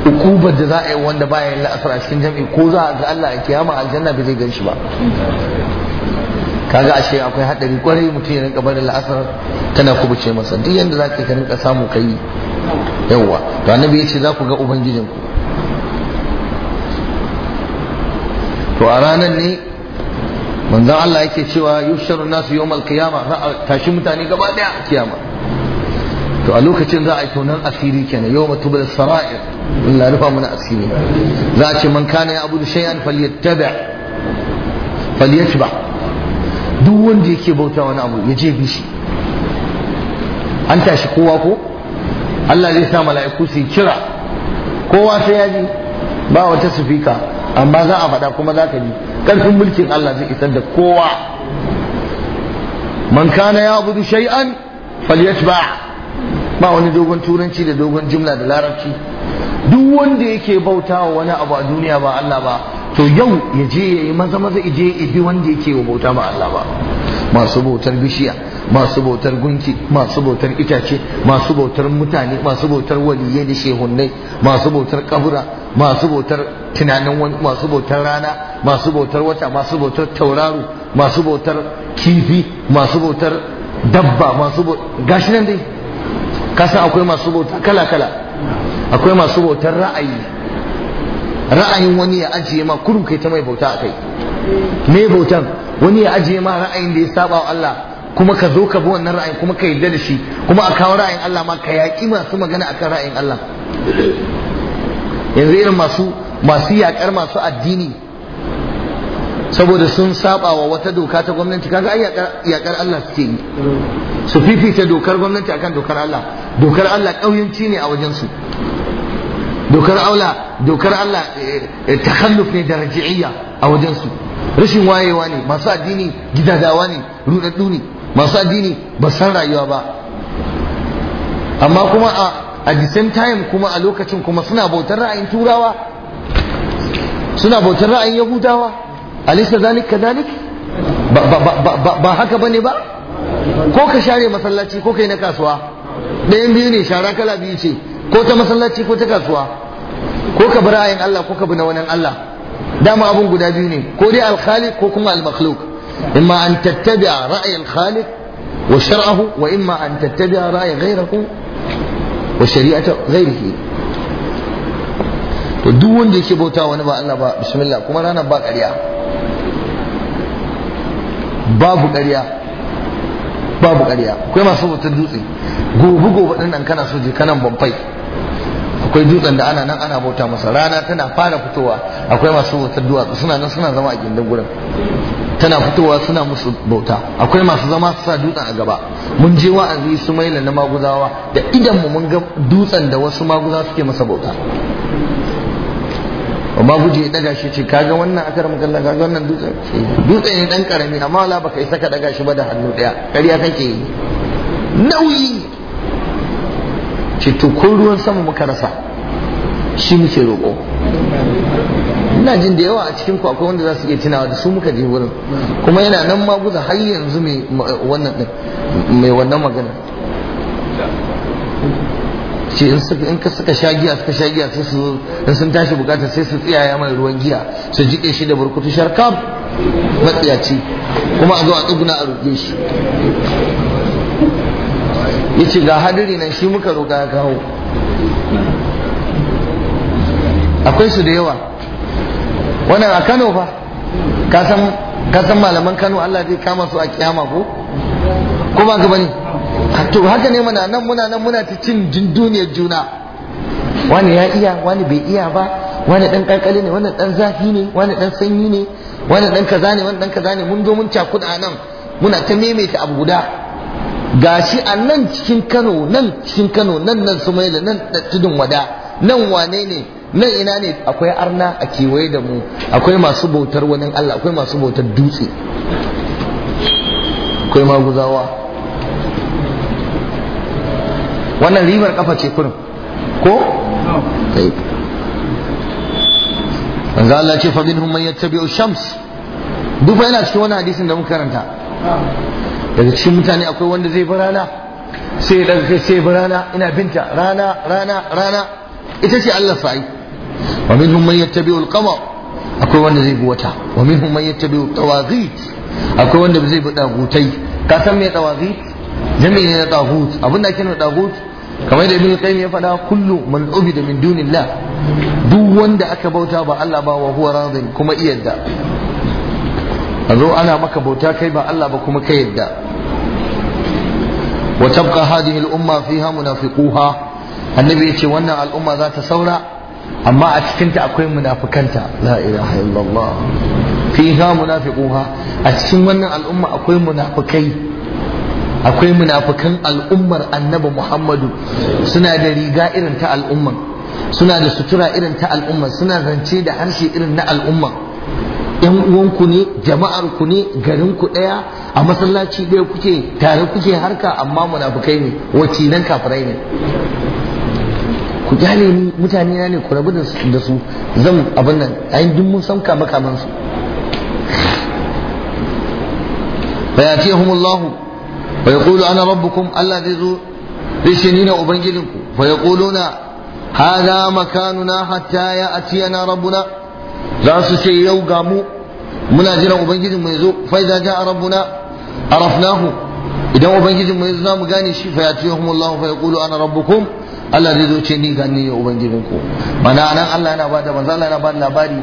ukubar da za a yi wanda baya yin la'asar a cikin jam'i ko za a ga Allah a kiyama aljanna ba zai gan shi ba kaga ashe akwai hadari kwarai mutum ya rinka barin la'asar tana kubuce masa duk yanda za ka rinka samu ka yi yawwa to annabi ya ce za ku ga ubangijinku to a ranar ne manzan Allah yake cewa yusharu nasu yawmal qiyama za a tashi mutane gaba daya a kiyama to a lokacin za a yi asiri kenan yawma tubal sara'ir in rufa mana asiri za a ce man kana ya abudu shay'an falyattaba duk wanda yake bauta wani abu ya je bi shi an tashi kowa ko Allah zai sa mala'iku su kira kowa sai ya ji ba wata sufika amma za a faɗa kuma za ka ji ƙarfin mulkin Allah zai isar da kowa man kana ya abudu shay'an falyatba ba wani dogon turanci da dogon jumla da larabci duk wanda yake bauta wa wani abu a duniya ba Allah ba to yau ya je ya yi maza maza ije ya bi wanda yake wa bauta ba Allah ba masu bautar bishiya masu bautar gunki masu bautar itace masu bautar mutane masu bautar waliyai da shehunnai masu bautar kabura masu bautar tunanin wani masu bautar rana masu bautar wata masu bautar tauraro masu bautar kifi masu bautar dabba masu gashi nan dai kasan akwai masu bauta kala kala akwai masu bautar ra'ayi ra'ayin wani ya ajiye ma kurum kai ta mai bauta a kai me bautan wani ya ajiye ma ra'ayin da ya saba wa Allah kuma ka zo ka bi wannan ra'ayin kuma ka yarda da shi kuma a kawo ra'ayin Allah ma ka yaƙi masu magana akan ra'ayin Allah yanzu irin masu masu yaƙar masu addini saboda sun saba wa wata doka ta gwamnati kaga ai yaƙar Allah suke yi su fifita dokar gwamnati akan dokar Allah dokar Allah ƙauyanci ne a wajen su dokar aula dokar Allah eh, eh, takalluf ne da raji'iyya a wajen su rashin wayewa ne masu addini gidadawa ne rudaddu ne masu addini ba san rayuwa ba amma kuma a the same time kuma a lokacin kuma suna bautar ra'ayin turawa suna bautar ra'ayin yahudawa alisa zalik kadalik ba haka bane ba ko ka share masallaci ko kai na kasuwa ɗayan biyu ne shara kala biyu ce ko ta masallaci ko ta kasuwa ko ka bi ra'ayin Allah ko ka bi na wani Allah dama abun guda biyu ne ko dai al-khaliq ko kuma al-makhluq imma an tattabi'a ra'ayi al-khaliq wa shar'ahu wa imma an tattabi'a ra'ayi ghayrihi wa shari'ata ghayrihi to duk wanda yake bauta wani ba Allah ba bismillah kuma ranar ba ƙarya babu ƙarya babu ƙarya akwai masu bautar dutse gobe gobe ɗin nan kana so je kanan bamfai akwai dutsen da ana nan ana bauta masa rana tana fara fitowa akwai masu bautar duwatsu suna nan suna zama a gindin gurin tana fitowa suna musu bauta akwai masu zama su sa dutsen a gaba mun je wa'azi su maila na maguzawa da idan mu mun ga dutsen da wasu maguza suke masa bauta amma guje ya daga shi ce kaga wannan akar magana kaga wannan dutsen dutsen ne dan karami amma wala baka isa ka daga shi ba da hannu daya kariya kake yi nauyi ce to ko ruwan sama muka rasa shi muke roƙo ina jin da yawa a cikin ku akwai wanda za su iya tunawa da su muka je wurin kuma yana nan ma guza har yanzu mai wannan mai wannan magana ce in ka suka sha giya suka sha giya sai su in sun tashi bukata sai su tsiyaya mai ruwan giya su jike shi da burkutu sharkab matsiyaci kuma a zo a tsuguna a ruge shi ya ce ga hadari nan shi muka roƙa ya kawo akwai su da yawa wannan a kano fa ka san malaman kano allah zai kama su a kiyama ko ko ba ka bane to haka ne muna nan muna nan muna ta cin dunduniyar juna wani ya iya wani bai iya ba wani dan kankali ne wani dan zafi ne wani dan sanyi ne wani dan kaza ne wani dan kaza ne mun zo mun cakuda nan muna ta maimaita abu guda gashi a nan cikin Kano nan cikin Kano nan nan Sumaila nan tudun wada nan wane ne nan ina ne akwai arna a kewaye da mu akwai masu bautar wani Allah akwai masu bautar dutse akwai maguzawa wannan ribar kafa ce kurin ko manzo Allah ce fa minhum man yattabi'u shams duk yana cikin wani hadisin da muka karanta daga cikin mutane akwai wanda zai bi rana sai ya daga kai sai ya bi rana ina binta rana rana rana ita ce Allah fa'i wa hum man yattabi'u al-qamar akwai wanda zai bi wata wa hum man yattabi'u at akwai wanda zai bi dagutai ka san me tawazit jami'i ne na abinda ake nuna taghut kamar da ibnu qayyim ya faɗa kullu man ubida min dunillah duk wanda aka bauta ba Allah ba wa huwa radin kuma iyadda a zo ana maka bauta kai ba Allah ba kuma kai yadda وتبقى هذه الأمة فيها منافقوها النبي يتي وانا الأمة ذات سورة أما أتكنت أكوين منافقنت لا إله إلا الله فيها منافقوها أتكن وانا الأمة أكوين منافقين akwai munafukan al'ummar annabi muhammadu suna da riga irin ta al'umman suna da sutura irin ta al'umman suna zance da harshe irin na al'umman yan uwanku ne jama'ar ku ne garin ku a masallaci ɗaya kuke tare kuke harka amma munafukai ne wacce nan kafirai ne ku jale ni mutane na ne ku rabu da su zan abin nan ayin duk mun san kama kaman su fa wa yaqulu ana rabbukum Allah zai zo zai ce na ubangijinku fa yaquluna hadha makanuna hatta ya'tiyana rabbuna za su ce yau ga mu muna jiran ubangijin mai zo fa ja jaa rabbuna arafnahu idan ubangijin mai zo zamu gane shi fa yatihum Allah fa yaqulu ana rabbukum Allah zai zo ce ni ga ni ubangijin ku mana anan Allah yana bada manzo Allah yana bada labari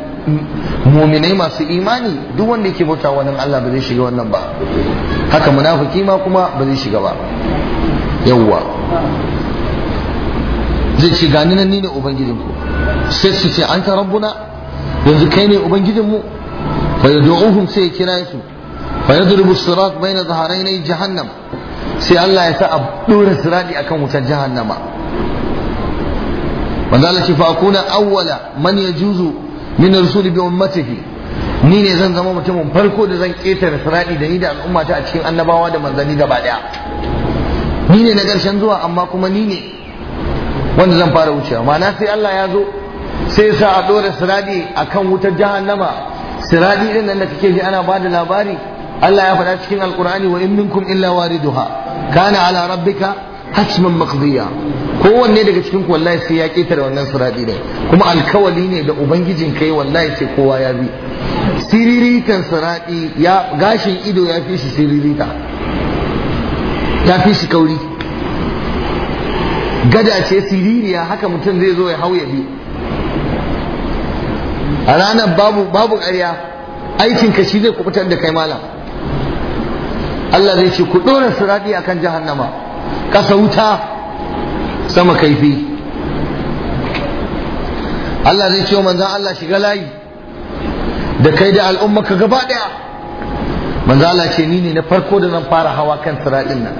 mu'minai masu imani duk wanda yake bauta wannan Allah ba zai shiga wannan ba haka munafiki ma kuma ba zai shiga ba yawwa zai ce gani nan ni ne ubangijin ku sai su ce anta rabbuna yanzu kai ne ubangijinmu fa yad'uhum sai ya kira su fa yadribu sirat baina dhahrayni jahannam sai Allah ya sa a dora sirati akan wutar jahannama manzo Allah ce fa akuna awwala man yajuzu min rasuli bi ummatihi ni ne zan zama mutumin farko da zan ketare sirati da ni da al'ummata a cikin annabawa da manzanni gaba daya ni ne na ƙarshen zuwa amma kuma ni ne wanda zan fara wucewa ma'ana sai Allah ya zo sai sa a ɗora siradi kan wutar jahannama siradi ɗin nan da kake ji ana bada labari Allah ya faɗa cikin alkur'ani wa in minkum illa wariduha kana ala rabbika hasman maqdiya kowanne daga cikin ku wallahi sai ya ketare wannan siradi ne kuma alkawali ne da ubangijin kai wallahi sai kowa ya bi siriritan siradi ya gashin ido ya fi shi siririta ya fi shi kauri gada ce siririya haka mutum zai zo ya hau ya bi a ranar babu babu ƙarya aikin ka shi zai kubutar da kai malam Allah zai ce ku dora kan akan jahannama kasa wuta sama kaifi Allah zai ce wa manzan Allah shiga layi da kai da al'umma ka gaba daya manzan Allah ce ni ne na farko da zan fara hawa kan suradin nan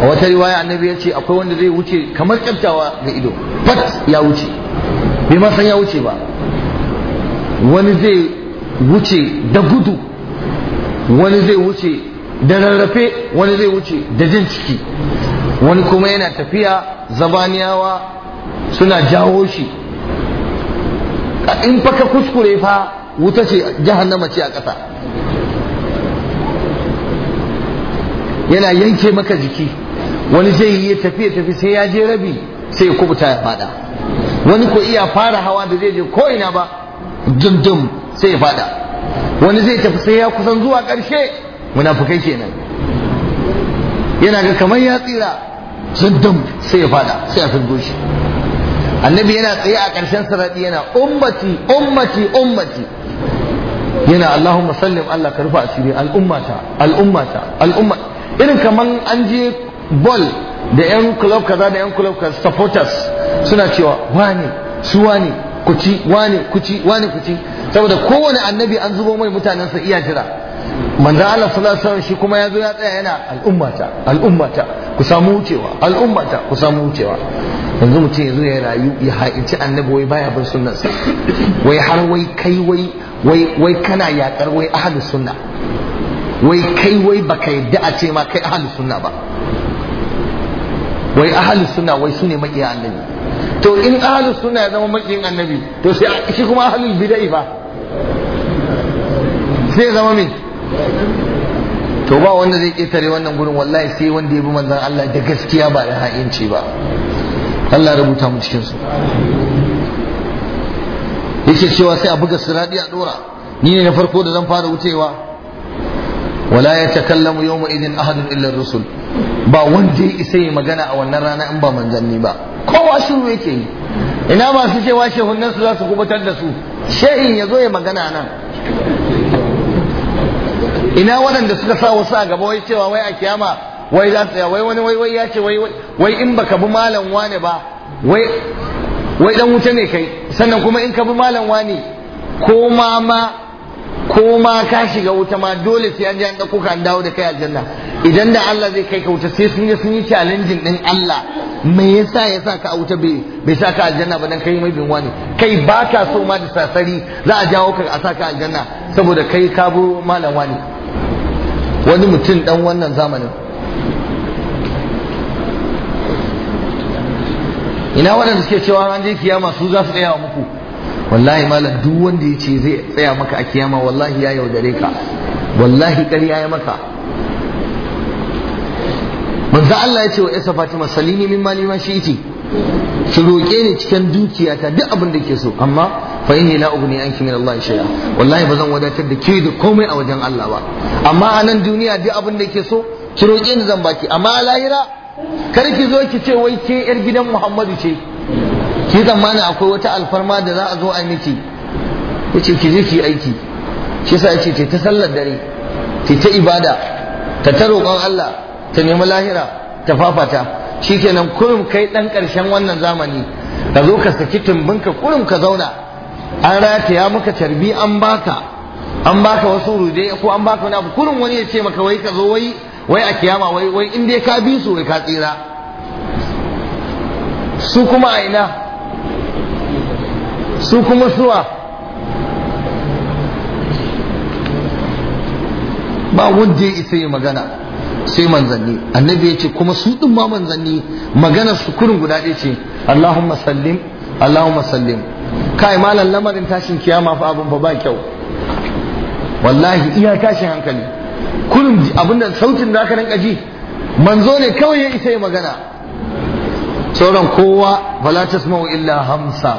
a wata riwaya annabi ya ce akwai wanda zai wuce kamar tsaftawa da ido fat ya wuce bai ma ya wuce ba wani zai wuce da gudu wani zai wuce da rarrafe wani zai wuce da jin ciki wani kuma yana tafiya zabaniyawa suna jawo shi in faka kuskure fa wuta ce jahannama ce a ƙasa yana yanke maka jiki wani zai yi tafiya tafi sai ya je rabi sai ya kubuta ya fada wani ko iya fara hawa da zai je ko ina ba dum sai ya fada wani zai tafi sai ya kusan zuwa ƙarshe munafukai kenan yana ga kamar ya tsira dum sai ya fada sai a firgo shi annabi yana tsaye a ƙarshen sarari yana ummati ummati ummati yana Allahumma sallim Allah ka rufa asiri al'ummata al'ummata al'umma irin kamar an je bol da yan club kaza da yan club kaza supporters suna cewa wane su wane ku ci wane ku ci wane ku ci saboda kowane annabi an zubo mai mutanensa iya jira manzan Allah sallallahu alaihi shi kuma ya zo ya tsaya yana al'ummata al'ummata ku samu wucewa al'ummata ku samu wucewa yanzu mu ya yanzu ya rayu ya ha'inci annabi wai baya bin sa wai har wai kai wai wai kana yatsar wai ahlus sunna wai kai wai baka yadda a ce ma kai ahlus sunna ba wai ahalus suna wai sune makiya annabi to in ahalus suna ya zama makiyin annabi to sai shi kuma ahlul bida'i fa sai zama min? to ba wanda zai ƙetare wannan gurin wallahi sai wanda ya bi manzan Allah da gaskiya ba da ha'inci ba Allah rubuta mu cikin su yake cewa sai a buga siradi a dora ni ne na farko da zan fara wucewa wala ya takallamu yawma idin ahadun illa rusul ba wanda ya isa magana a wannan rana in ba manzanni ba kowa shiru yake yi ina masu cewa shehunan su za su kubutar da su shehin ya zo ya magana nan ina waɗanda suka sa wasu a gaba wai cewa wai a kiyama wai za su wai wani wai wai ya ce wai wai in baka bi malam wane ba wai wai dan wuta ne kai sannan kuma in ka bi malam wane ko mama? ko ka shiga wuta ma dole sai an je an ɗauko ka an dawo da kai aljanna idan da Allah zai kai ka wuta sai sun yi sun yi challenging din Allah me yasa ya sa ka a wuta bai bai sa ka aljanna ba dan kai mai bin wani kai ba ka so ma da sasari za a jawo ka a sa ka aljanna saboda kai ka bu malam wani wani mutum dan wannan zamanin ina waɗanda suke cewa an je kiyama su za su tsaya muku wallahi malam duk wanda ya ce zai tsaya maka a kiyama wallahi ya yaudare ka wallahi kari ya maka manzo Allah ya ce wa Isa Fatima salini min mali ma shi'iti ki roke ni cikin dukiyata duk abin da ke so amma fa inni la ugni anki min Allah shay'a wallahi bazan wadatar da ke da komai a wajen Allah ba amma a nan duniya duk abin da ke so ki roke ni zan baki amma a lahira kar ki zo ki ce wai ke yar gidan Muhammadu ce ki tsammani akwai wata alfarma da za a zo a miki yace ki je ki aiki shi yasa yace ta sallar dare ta ta ibada ta ta roƙon Allah ta nemi lahira ta fafata shikenan kurum kai dan ƙarshen wannan zamani ka zo ka saki tumbinka kurum ka zauna an ya maka tarbi an baka an baka wasu rude ko an baka wani abu kurum wani ya ce maka wai ka zo wai wai a kiyama wai wai in dai ka bi su wai ka tsira su kuma a ina su kuma suwa ba wanda ya isa yi magana sai manzanni annabi ya ce kuma su ɗin ma manzanni magana su kurin guda ɗaya ce Allahumma sallim Allahumma sallim kai malam lamarin tashin kiyama fa abin ba kyau wallahi iya tashin hankali kurin abinda sautin da aka rinka ji manzo ne kawai ya isa yi magana sauran kowa fala tasma'u illa hamsa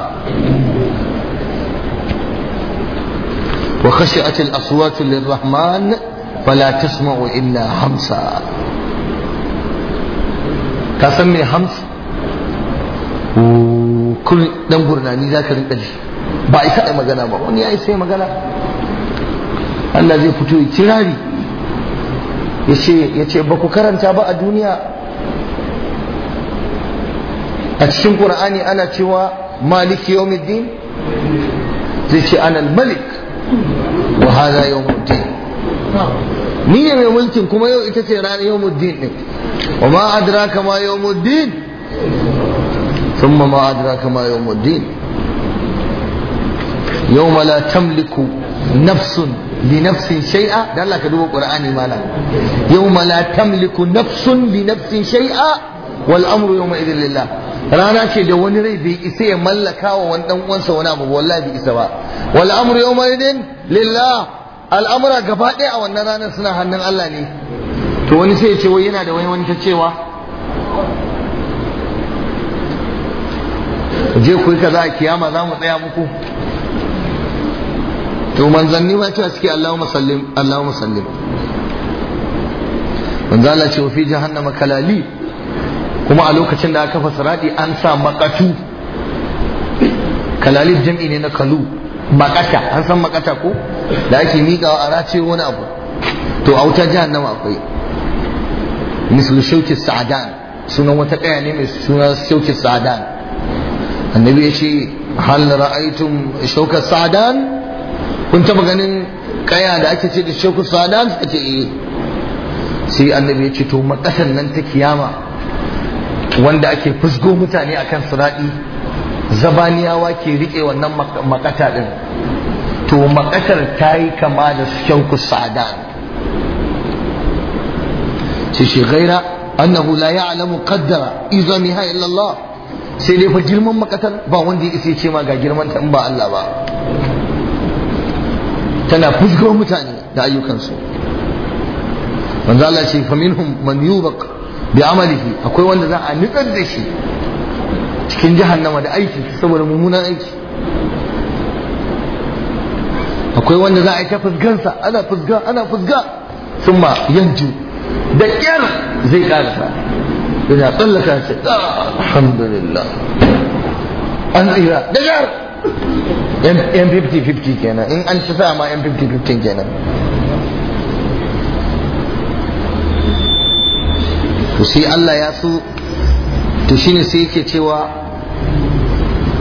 wa khashi'at al-aswat lirrahman fala tasma'u illa hamsa ka san me hamsa kun dan gurnani zaka rinka ji ba isa ai magana ba wani yayi sai magana Allah zai fito ya kirari yace yace ba ku karanta ba a duniya a cikin qur'ani ana cewa maliki yawmiddin zai ce ana malik wa hadha yawmuddin ni ne mai mulkin kuma yau ita ce ranar yawmuddin din wa ma adraka ma yawmuddin thumma ma adraka ma yawmuddin Yau mala tamliku nafsun li nafsin shay'a dan Allah ka duba qur'ani malam yawma la tamliku nafsun li nafsin shay'a wal amru yawma idhin lillah rana ce da wani rai bai isa ya mallaka wa wani dan uwansa wani abu wallahi bai isa ba wal amru yawma idin lillah al'amura gaba ɗaya a wannan ranar suna hannun Allah ne to wani sai ya ce wai yana da wani wani ta cewa je ku yi kaza a kiyama za mu tsaya muku to manzanni ma cewa suke Allahumma sallim Allahumma sallim manzo Allah ce wa fi jahannama kalali kuma a lokacin da aka fasa radi an sa makatu kalalif jam'i ne na kalu makata an san makata ko da ake miƙawa a race wani abu to a wuta jahannama akwai mislu shauki sa'adan sunan wata ɗaya ne mai suna shauki sa'adan annabi ya ce hal ra'aitum shauka sa'adan kun taɓa ganin kaya da ake ce da shauki sa'adan suka ce eh sai annabi ya ce to makasan nan ta kiyama wanda ake fusgo mutane a kan suraɗi zabaniyawa ke rike wannan makata ɗin to makatar ta yi kama da ku sa'adan ce shi gaira annahu la ya'lamu qaddara izamiha illa Allah sai dai fa girman makatar ba wanda ya isa ce ma ga girman ta in ba Allah ba tana fusgo mutane da ayyukansu manzo Allah ce fa minhum man yubaq bi akwai wanda za a nutsar da shi cikin jahannama da aiki saboda mummunan aiki akwai wanda za a yi ta fusgansa ana fusga ana fusga sun ma yanju da kyar zai karasa yana tsallaka ce ah, alhamdulillah an tsira da kyar yan 50-50 kenan in an ci sa ma yan 50-50 kenan to sai Allah ya so to shine sai yake cewa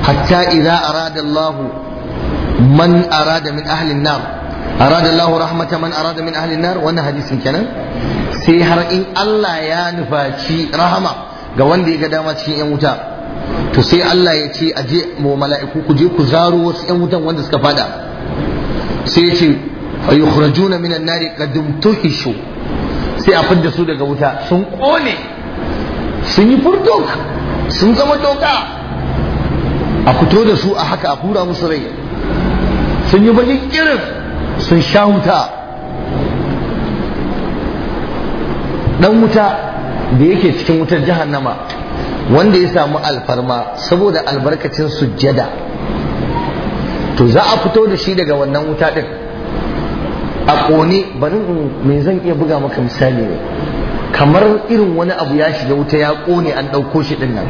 hatta idza arada Allah man arada min ahli an-nar arada Allah rahmata man arada min ahli an-nar wannan hadisin kenan sai har in Allah ya nufaci rahama ga wanda ya ga dama cikin yan wuta to sai Allah ya ce aje mu mala'iku ku je ku zaro wasu yan wutan wanda suka fada sai ya ce yukhrajuna minan nari qad tuhishu sai a fidda su daga wuta sun kone sun yi furtok sun zama doka a fito da su a haka a hura musu rai sun yi bakin kirin sun sha wuta dan wuta da yake cikin wutar jahannama wanda ya samu alfarma saboda albarkacin sujjada to za a fito da shi daga wannan wuta din a ƙone bari me zan iya buga maka misali ne kamar irin wani abu ya shiga wuta ya ƙone an ɗauko shi ɗin nan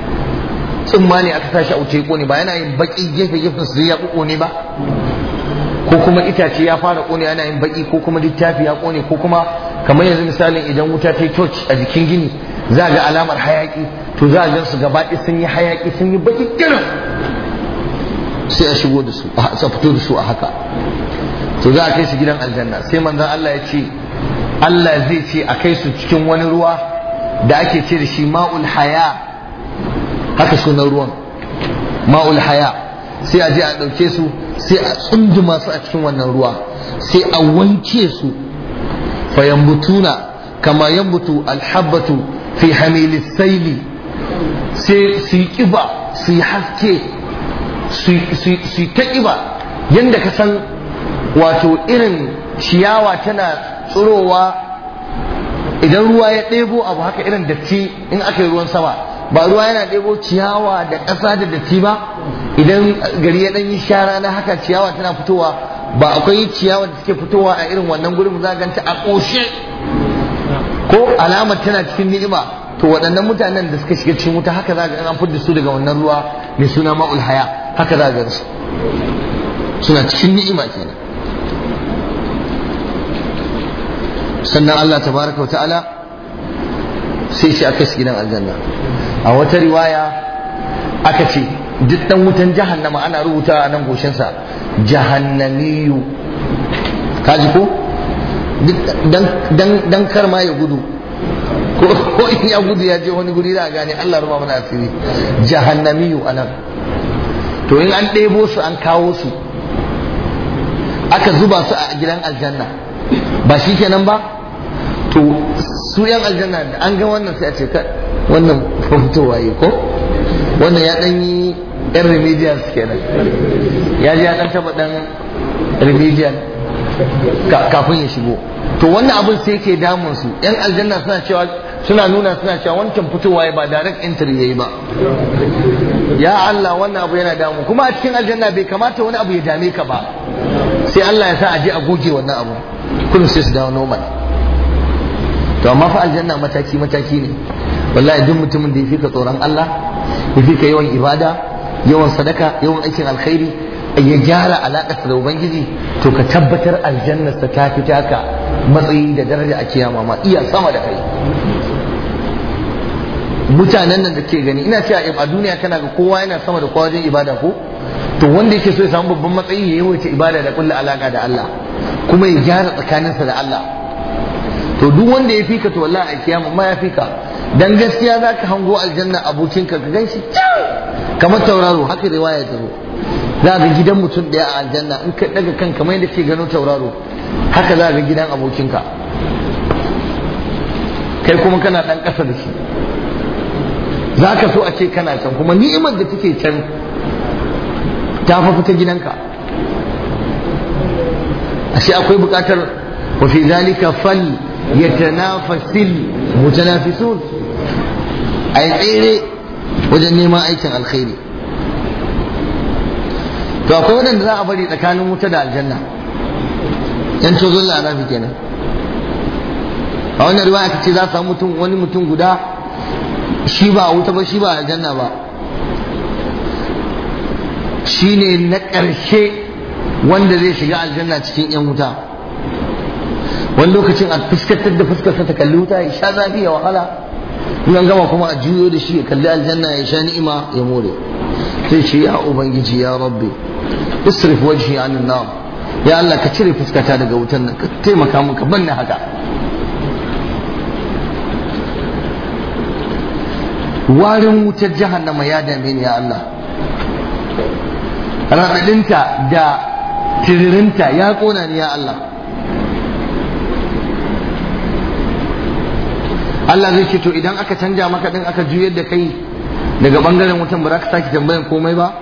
tsimma ne aka tashi a wuta ya ƙone ba yana yin baƙi gefe gefen su ya ƙone ba ko kuma itace ya fara ƙone yana yin baƙi ko kuma littafi ya ƙone ko kuma kamar yanzu misalin idan wuta ta yi toci a jikin gini za a ga alamar hayaƙi to za a gan su gaba ɗaya sun yi hayaƙi sun yi baƙi kiran sai a shigo da su a fito da su a haka to za a kai su gidan aljanna sai manzan Allah ya ce Allah zai ce a kai su cikin wani ruwa da ake ce da shi ma'ul haya haka sunan ruwan ma'ul haya sai a je a ɗauke su sai a tsunduma masu a cikin wannan ruwa sai a wanke su fayambutuna kama yambutu alhabbatu fi hamili saili sai su yi kiba su yi haske su yi ta kiba yadda ka san wato irin ciyawa tana tsirowa idan ruwa ya ɗebo abu haka irin datti in aka yi ruwan sama ba ruwa yana ɗebo ciyawa da ƙasa da datti ba idan gari ya ɗan yi shara na haka ciyawa tana fitowa ba akwai ciyawa da suke fitowa a irin wannan gurin za ganta a ƙoshe ko alamar tana cikin ni'ima to waɗannan mutanen da suka shiga cikin wuta haka za ga an fitar su daga wannan ruwa mai suna ma'ul haya haka za ga su suna cikin ni'ima kenan sannan Allah tabaraka wa ta'ala sai shi aka shi gidan aljanna a wata riwaya aka ce duk dan wutan jahannama ana rubuta a nan goshinsa jahannamiyu kaji ko dan kar ma ya gudu ko in ya gudu ya je wani guri da gane Allah ruba mana asiri jahannamiyu anan to in an ɗebo su an kawo su aka zuba su a gidan aljanna ba shi kenan ba to su yan aljanna da an ga wannan sai a ce wannan fitowa yi ko wannan ya dan yi yan remedials kenan ya ji ya dan taba dan remedial kafin ya shigo to wannan abin sai ke damun su yan aljanna suna cewa suna nuna suna cewa wancan fitowa ba direct entry yayi ba ya Allah wannan abu yana damu kuma a cikin aljanna bai kamata wani abu ya dame ka ba sai Allah ya sa a je a goge wannan abu kullum sai su dawo normal to amma fa aljanna mataki mataki ne wallahi duk mutumin da ya fika tsoron Allah ya fika yawan ibada yawan sadaka yawan aikin alkhairi ya gyara alaƙarsa da ubangiji to ka tabbatar sa ta fi taka matsayi da daraja a kiyama ma iya sama da kai mutanen nan da ke gani ina cewa a duniya kana ga kowa yana sama da kowa wajen ibada ko to wanda yake so ya samu babban matsayi ya yawaita ibada da kulla alaka da Allah kuma ya gyara tsakaninsa da Allah to duk wanda ya fika to wallahi a kiyama ma ya fika dan gaskiya zaka hango aljanna abokinka ka ganshi kamar tauraro haka riwaya ta zo za ga gidan mutum daya a aljanna in ka daga kan kamar da ke gano tauraro haka za ga gidan abokinka kai kuma kana dan kasa da shi za ka so a ce kana can kuma ni'imar da take can ta fa fita gidanka A shi akwai bukatar wafi zalika fal yatanafasil mutanafisun yi tsere wajen neman aikin alkhairi to akwai wadanda za a bari tsakanin wuta da aljanna yan tozon larabi kenan a wannan riwaya ta ce za su samu wani mutum guda shi ba wuta ba shi ba aljanna ba shi ne na ƙarshe wanda zai shiga aljanna cikin 'yan wuta wani lokacin a fuskantar da fuskarsa ta kalli wuta ya sha zafi ya wahala in gama kuma a juyo da shi ya kalli aljanna ya sha ni'ima ya more sai ce ya ubangiji ya rabbi isrif wajhi anin nar ya Allah ka cire fuskata daga wutan nan ka taimaka min ka banna haka warin wutar jahannama ya dame ni ya Allah raɗaɗinta da tiririnta ya ƙona ni ya Allah Allah zai ce to idan aka canja maka ɗin aka juyar da kai daga ɓangaren wutan ba za ka sake tambayan komai ba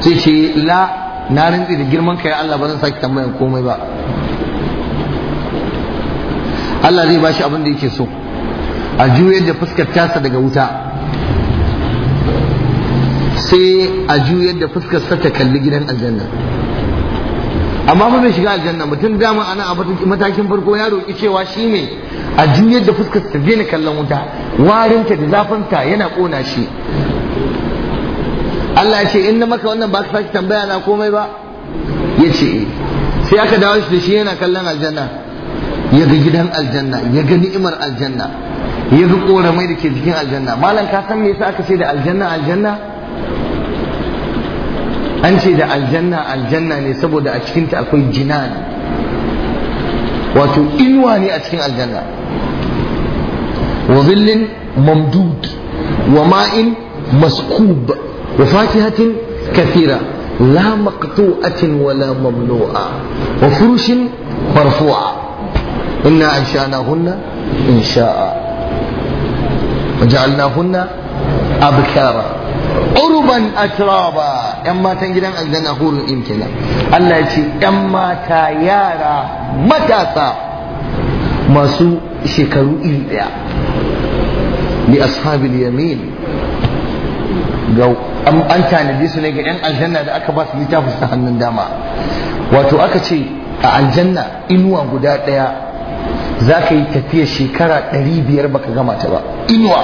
sai ce la na rintsi da girman ka ya Allah ba zan sake tambayan komai ba Allah zai bashi abin da yake so a juyar da fuskar tasa daga wuta sai a juyar da fuskar sa ta kalli gidan aljanna amma ba mai shiga aljanna mutum dama ana a matakin farko ya roƙi cewa shi ne a juyar da fuskar ta daina kallon wuta warin ta da zafinta yana ƙona shi Allah ya ce in na maka wannan ba ka tambaya na komai ba ya ce sai aka dawo shi da shi yana kallon aljanna ya ga gidan aljanna ya ga ni'imar aljanna ya bi da ke cikin aljanna malam ka san me yasa aka ce da aljanna aljanna an ce da aljanna aljanna ne saboda a cikinta akwai jinan wato inuwa ne a cikin aljanna wa zillin mamdud wa ma'in maskub wa fatihatin kafira la maqtu'atin wa la mamnu'a wa furushin marfu'a inna ansha'nahunna insha'a waja'alnahunna abkara urban atraba yan matan gidan aljanna hurun in Allah ya ce yan mata yara matasa masu shekaru iri daya li ashabil yamin ga an tanadi su ne ga yan aljanna da aka ba su littafin hannun dama wato aka ce a aljanna inuwa guda daya za ka yi tafiya shekara ɗari biyar baka gama ta ba inuwa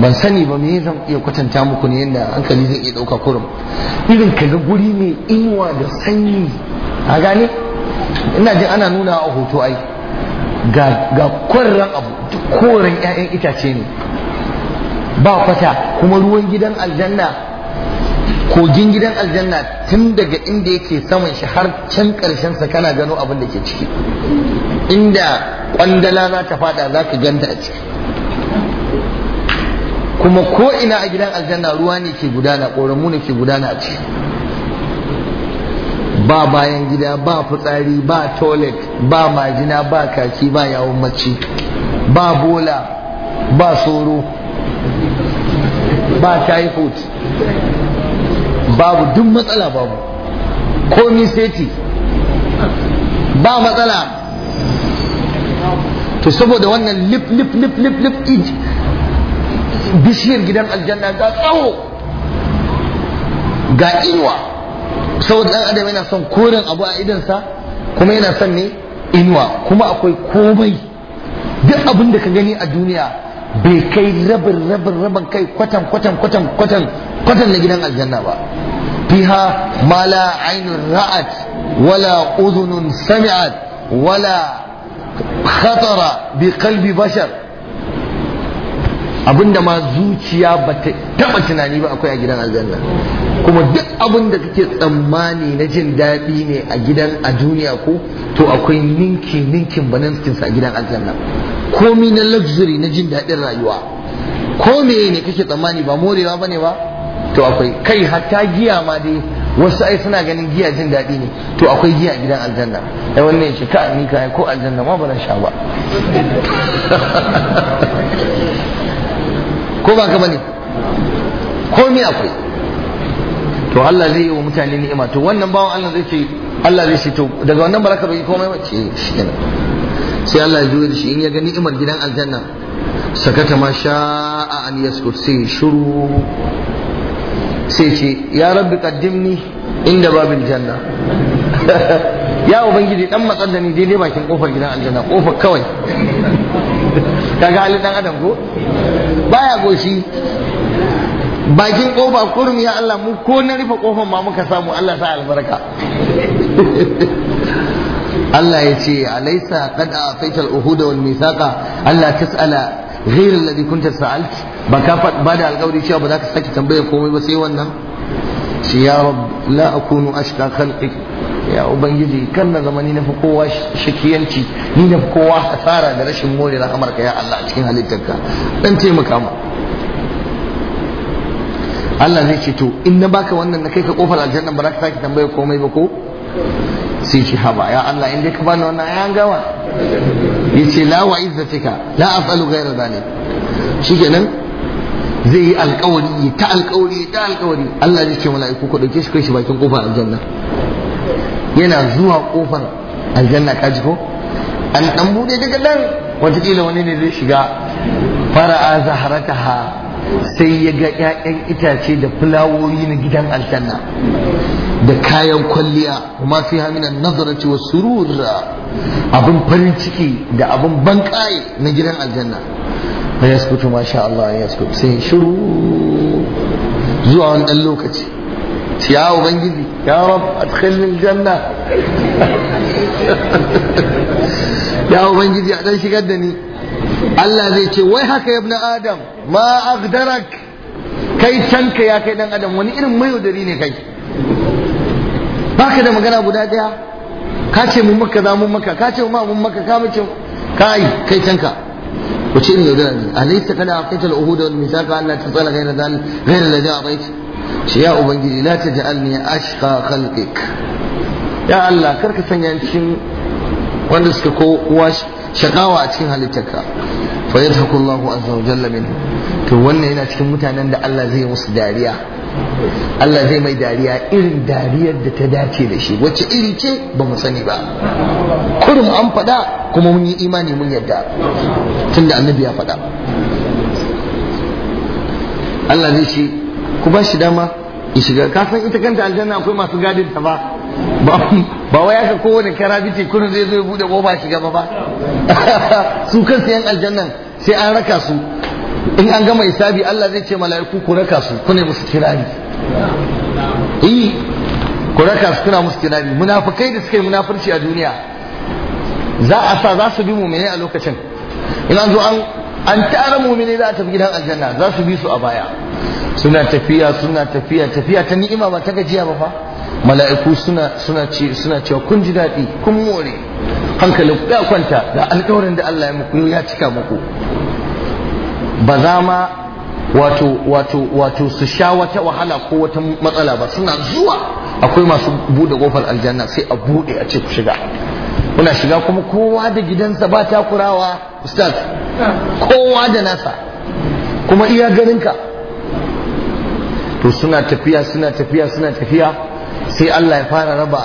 ban sani ba me zan iya kwatanta muku ne yadda hankali zai iya ɗauka kurum irin ka ga guri mai inuwa da sanyi a gane ina jin ana nuna a hoto ai ga kwarran abu koren 'ya'yan itace ne ba kwata kuma ruwan gidan aljanna kogin gidan aljanna tun daga inda yake saman shi har can karshen sa kana gano abin da ke ciki inda ƙwandala za ta fada za ka ganta a ciki kuma ko ina a gidan aljanna ruwa ne ke gudana ƙoramu ne ke gudana a ciki ba bayan gida ba fitsari ba toilet ba majina ba kaki ba yawon mace ba bola ba soro ba typhoid babu duk matsala babu komi seti ba matsala to saboda wannan lip lip lip lip lip bishiyar gidan aljanna ga tsawo ga inuwa saboda ɗan adam yana son koren abu a idansa kuma yana son ne inuwa kuma akwai komai duk abin da ka gani a duniya bai kai rabin rabin rabin kai kwatan kwatan kwatan kwatan kwatan na gidan aljanna ba fiha mala ainun ra'at wala uzunun sami'at wala khatara bi kalbi bashar abinda ma zuciya ba ta taba tunani ba akwai a gidan aljanna kuma duk abin da kake tsammani na jin daɗi ne a gidan a duniya ko to akwai ninkin ninkin bananskinsa a gidan aljanna komi na luxury na jin daɗin rayuwa ko me ne kake tsammani ba morewa bane ba to akwai kai hatta giya ma dai wasu ai suna ganin giya jin daɗi ne to akwai giya a gidan aljanna ai wannan ya ce ka ni ka ko aljanna ma bana sha ba ko ba ka bane ko me akwai to Allah zai yi wa mutane ni'ima to wannan bawan Allah zai ce Allah zai ce to daga wannan baraka bai komai ba ce shikenan sai Allah ya juye shi in ya ga ni'imar gidan aljanna sakata ma sha'a an yaskut sai shiru sai ce ya rabbi ni inda babin janna ya ubangiji dan matsar da ni daidai bakin kofar gidan aljanna kofar kawai kaga halin dan adam ko baya goshi bakin kofa kurum ya Allah mu ko na rufe kofar ma muka samu Allah sa albaraka Allah ya ce alaysa qad a'tayta al-uhuda wal mithaqa Allah tas'ala ghayr alladhi kunta sa'alt ba ka ba da alƙawari cewa ba za ka komai ba sai wannan shi ya kan na zama ni nafi kowa shakiyanci ni nafi kowa hasara da rashin more rahamarka ya Allah a cikin halittarka dan taimaka mu Allah zai ce to in na baka wannan na kai ka kofar aljanna ba za ka sake tambayar komai ba ko sai ce haba ya Allah in dai ka bani wannan ayan gawa yace la wa izzatika la af'alu ghayra zalik shikenan zai yi alkawari ta alkawari ta alkawari Allah zai ce mala'iku ku dauke shi kai shi bakin kofar aljanna yana zuwa kofar aljanna ka ji ko an dan bude daga dan wataƙila wani ne zai shiga fara'a zaharataha sai ya ga 'ya'yan itace da fulawoyi na gidan aljanna da kayan kwalliya kuma fi haminan nazarati wa surura abin farin ciki da abin bankaye na gidan aljanna ya yaskutu masha Allah ya yaskutu sai shiru zuwa wani ɗan lokaci ya ubangiji ya rab adkhilni janna ya ubangiji a dan shigar da ni Allah zai ce wai haka ya adam ma agdarak kai canka ya kai dan adam wani irin mayaudari ne kai baka da magana guda daya ka ce mun maka za mun maka ka ce ma mun maka ka mace kai kai canka wace irin yaudara ne alaysa kana aqaitul uhud wal mithaqa an la tasala ghayra dhal ghayra alladhi a'tait ce ya ubangiji la taj'alni ashqa khalqik ya Allah karka sanya cikin wanda suka kowa shakawa a cikin halittarka fa yadhaku Allahu azza wa jalla min to wannan yana cikin mutanen da Allah zai musu dariya Allah zai mai dariya irin dariyar da ta dace da shi wacce iri ce ba mu sani ba kurum an faɗa kuma mun yi imani mun yadda tunda annabi ya faɗa Allah zai ce ku ba shi dama in shiga kafin ita kanta aljanna akwai masu gadin ta ba ba wai haka kowane karabice kunu zai zo ya bude goma shi gaba ba su kan yan aljannan sai an raka su in an gama isabi Allah zai ce mala'iku ku raka su kuna musu kirari eh ku raka su kuna musu kirari munafikai da suka yi munafurci a duniya za a sa za su bi mumine a lokacin in an zo an an tara mumine za a tafi gidan aljanna za su bi su a baya suna tafiya suna tafiya tafiya ta ni'ima ba ta gajiya ba fa mala'iku suna suna ce suna cewa kun ji daɗi kun more hankali hankalin ya kwanta da alƙawarin da Allah ya muku ya cika muku ba za ma wato wato wato su sha wata wahala ko wata matsala ba suna zuwa akwai masu bude kofar aljanna sai a bude a ce ku shiga kuna shiga kuma kowa da gidansa ba takurawa ustaz kowa da nasa kuma iya ganinka to suna tafiya suna tafiya suna tafiya sai Allah ya fara raba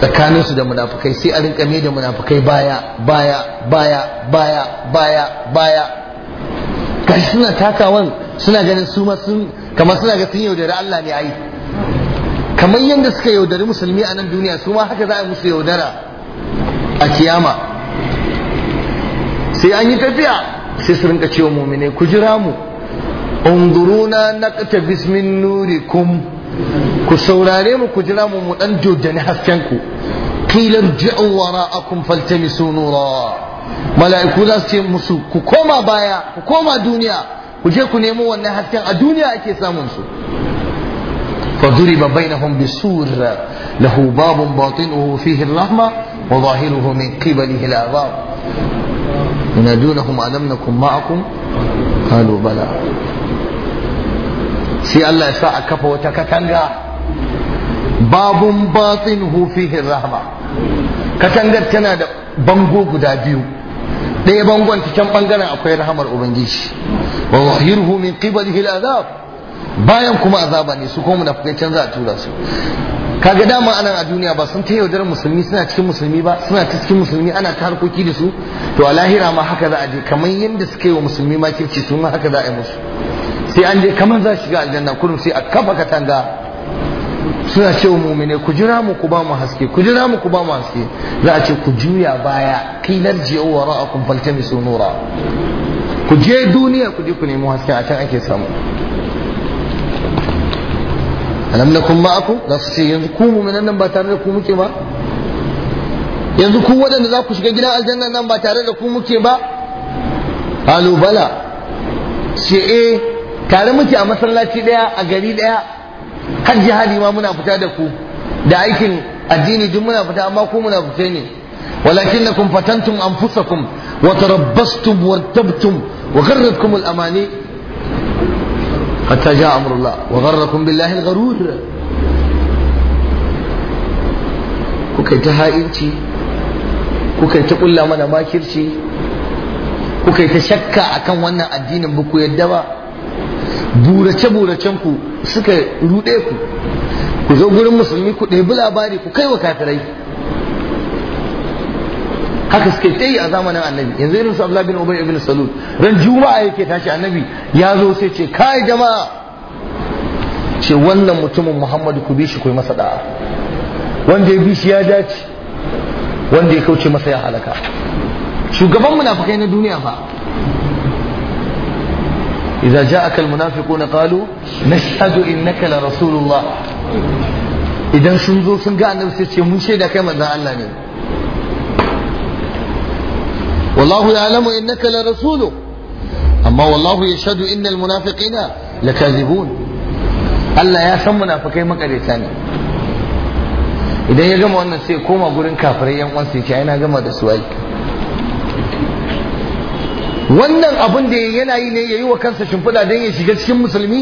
tsakaninsu da munafukai sai a rinka mai da munafukai baya baya baya baya baya baya kashi suna takawan suna ganin su ma kamar suna ga sun yaudari Allah ne ai kamar yadda suka yaudari musulmi a nan duniya su ma haka za a musu yaudara a kiyama sai an yi tafiya sai su rinka cewa mummine ku jira mu unzuruna naqtabis min nurikum ku saurare mu ku jira mu mu dan hasken ku qila rji'u wara'akum faltamisu nura mala'iku za su ce musu ku koma baya ku koma duniya ku je ku nemo wannan hasken a duniya ake samun su فضرب بينهم بسور له باب باطنه فيه الرحمة وظاهره من قبله العذاب ينادونهم ألم نكن معكم قالوا بلى sai Allah ya sa a kafa wata katanga babun batin hufihin rahama katangar tana da bango guda biyu ɗaya bangon ta can bangaren akwai rahamar ubangiji wa zahirhu min qibalihi al-azab bayan kuma azaba ne su kuma munafikai can za a tura su kaga dama anan a duniya ba sun ta yaudar musulmi suna cikin musulmi ba suna ta cikin musulmi ana ta harkoki da su to a lahira ma haka za a je kamar yadda suka yi wa musulmi ma kirci su ma haka za a yi musu sai an je kamar za shiga aljanna kurum sai a kafa katanga suna ce wa mumine ku jira mu ku ba mu haske ku jira mu ku ba mu haske za a ce ku juya baya kilar je wa ra'akum faltamisu nura ku je duniya ku je ku nemi haske a can ake samu alam nakum ma'akum za su ce yanzu ku mu'minan nan ba tare da ku muke ba yanzu ku waɗanda za ku shiga gidan aljanna nan ba tare da ku muke ba alu bala ce eh tare muke a masallaci ɗaya a gari ɗaya har jihadi ma muna fita da ku da aikin addini duk muna fita amma ku muna fita ne an kun. ولكنكم فتنتم أنفسكم وتربصتم وارتبتم وغرتكم الأماني حتى جاء أمر الله وغركم ta ha'inci kuka yi ta ƙulla mana makirci kuka yi ta shakka akan wannan addinin ba yadda ba burace-buracen ku suka ruɗe ku ku zo gurin musulmi ku ɗebi labari ku kai wa kafirai haka suke ta yi a zamanin annabi yanzu irin su Abdullahi bin Ubay ibn Salul ran juma'a yake tashi annabi ya zo sai ce kai jama'a ce wannan mutumin Muhammadu ku bi shi ku yi masa da'a wanda ya bi shi ya dace wanda ya kauce masa ya halaka shugaban munafikai na duniya fa qalu nashhadu innaka la rasulullah idan sun zo sun ga annabi sai ce mun شيء kai كما Allah ne. wallahu na innaka la rasuluhu amma wallahu yashhadu innal munafiqina lakazibun Allah ya san munafikai makareta ne idan ya gama wannan sai koma gurin kafirai yan uwan sai yana gama da su ai wannan abun da yana yi ne yayi wa kansa shimfiɗa don ya shiga cikin musulmi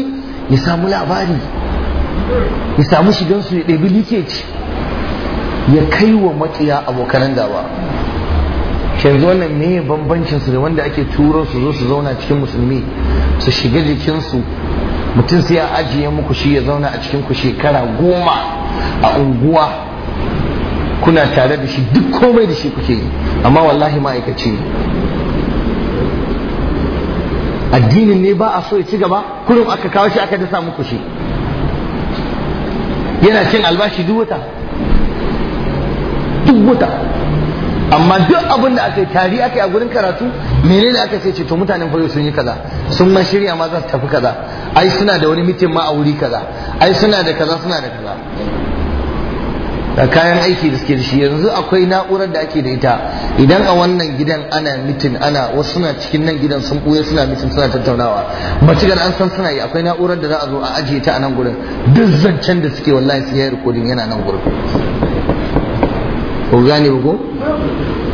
ya samu labari ya samu su ya ɗabi likeji, ya kai wa maƙiya abokanan gaba yanzu wannan ya bambancin su da wanda ake turo su zo su zauna cikin musulmi su shiga jikinsu mutum sai a ajiye muku shi ya zauna a cikin ku shekara goma a unguwa kuna tare da shi duk komai da shi kuke yi amma wallahi ma'aikaci ne addinin ne ba a so ya ci gaba kurum aka kawo shi aka dasa muku shi yana cin albashi duk wata amma duk abin da aka yi tari aka yi a gurin karatu ne aka ce to mutanen fari sun yi kaza sun ma shirya ma za su tafi kaza ai suna da wani mitin ma a wuri kaza ai suna da kaza suna da kaza da kayan aiki da suke da shi yanzu akwai na'urar da ake da ita idan a wannan gidan ana mitin ana wasu suna cikin nan gidan sun ɓuya suna mitin suna tattaunawa da an san suna yi akwai na'urar da za a zo a ajiye ta a nan gurin duk zancen da suke wallahi sai ya rikodin yana nan gurin ko gane ba ko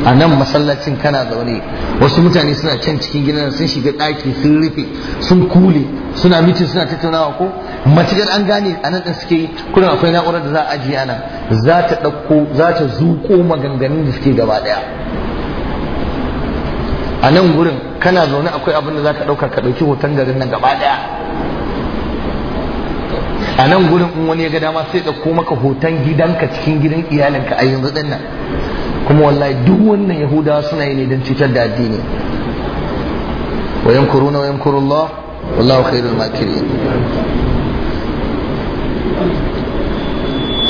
a nan masallacin kana zaune wasu mutane suna can cikin gidan sun shiga ɗaki sun rufe sun kule suna mitin suna tattaunawa ko matukar an gane a nan ɗin suke kuna akwai na'urar da za a ajiye ana za ta ɗauko za ta zuƙo maganganun da suke gaba ɗaya a nan gurin kana zaune akwai abin da za ka ɗauka ka ɗauki hoton garin nan gaba ɗaya a nan gurin in wani ya ga dama sai ɗauko maka hoton gidanka cikin gidan iyalinka a yanzu ɗin nan kuma wallahi duk wannan yahudawa suna yi ne don cutar da addini wa yankuruna wa yankurullah wallahu khairul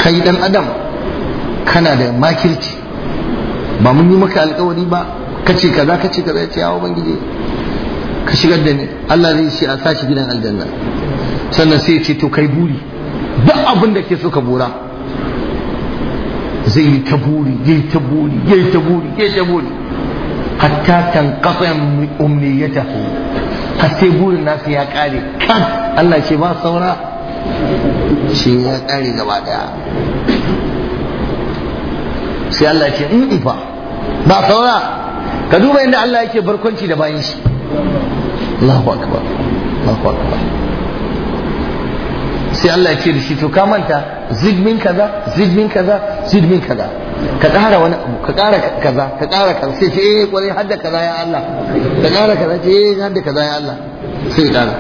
Ka kai dan adam kana da makirci ba mun yi maka alkawari ba kace kaza kace kaza ya ce ya ubangiji ka shigar da ni Allah zai ce a sashi gidan aljanna sannan sai ce to kai buri ba abin da ke so ka bura zai yi ta buri yayi ta buri yayi ta buri yi ta buri hatta tanqata umniyatahu ka sai burin nasa ya kare kan Allah ce ba saura shi ya kare gaba daya sai Allah ce in mm, mm, fa ba saura ka duba inda Allah yake barkwanci da bayan shi Allahu akbar Allahu akbar sai Allah ya ce da shi to ka manta zid min kaza zid min kaza zid min kaza ka ƙara wani abu ka ƙara kaza ka ƙara kaza sai ce eh kwarai har da kaza ya Allah ka ƙara kaza ce eh har da kaza ya Allah sai ƙara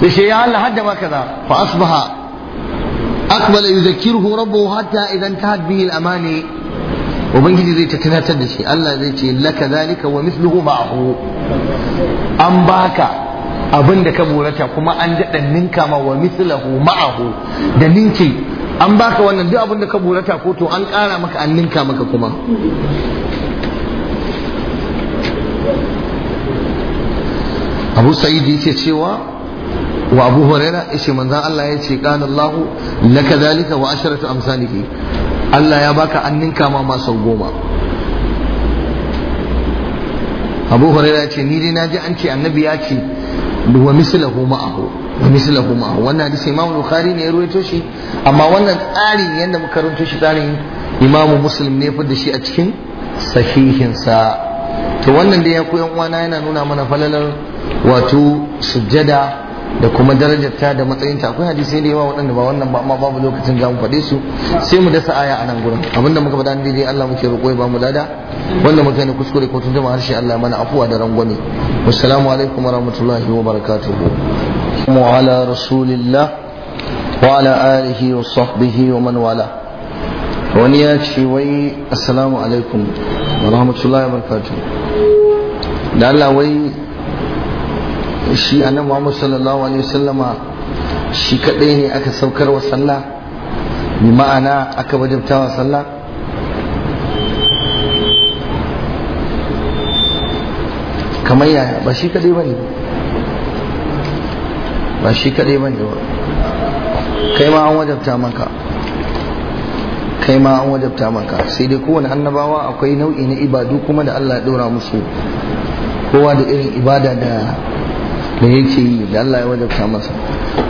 da shi ya Allah har da ma kaza fa asbaha أقبل يذكره ربه حتى إذا انتهت به amani. ubangiji zai ta tunatar da shi Allah zai ce laka zalika wa mithluhu ma'ahu an baka abin da ka burata kuma an daɗa ninka ma wa mithlahu ma'ahu da ninki an baka wannan duk abin da ka burata ko to an ƙara maka an ninka maka kuma abu sa'id yake cewa wa abu huraira ishe manzon Allah ya yace qala Allah laka zalika wa asharatu amsalihi Allah ya baka an ninka ma goma abu hurairah ce ni dai ji an ce annabi ya ce wa mislahu ma'ahu wa mislahu ma'ahu wannan hadisi imam bukhari ne ya ruwaito shi amma wannan tsarin yadda muka ruwaito shi tsarin imam muslim ne ya da shi a cikin sahihinsa to wannan dai ya koyan uwana yana nuna mana falalar wato sujjada da kuma darajarta da matsayinta akwai hadisi da yawa waɗanda ba wannan ba amma babu lokacin za mu faɗe su sai mu dasa aya a nan gurin abinda muka faɗa dai Allah muke roƙo ba mu dada wanda muka ne kuskure ko tuntuma harshe Allah mana afuwa da rangwame assalamu alaikum warahmatullahi wabarakatuh wa ala rasulillah wa ala alihi wa sahbihi wa man wala wani ya ce wai assalamu alaikum warahmatullahi wabarakatuh da Allah wai shi annabi Muhammad sallallahu alaihi wasallama shi kadai ne aka saukar wa sallah bi ma'ana aka wajabta wa sallah kamar ya ba shi kadai bane ba shi kadai bane ba kai ma an wajabta maka kai ma an wajabta maka sai dai kowane annabawa akwai nau'i na ibadu kuma da Allah ya dora musu kowa da irin ibada da da yake yi da Allah ya wajabta masa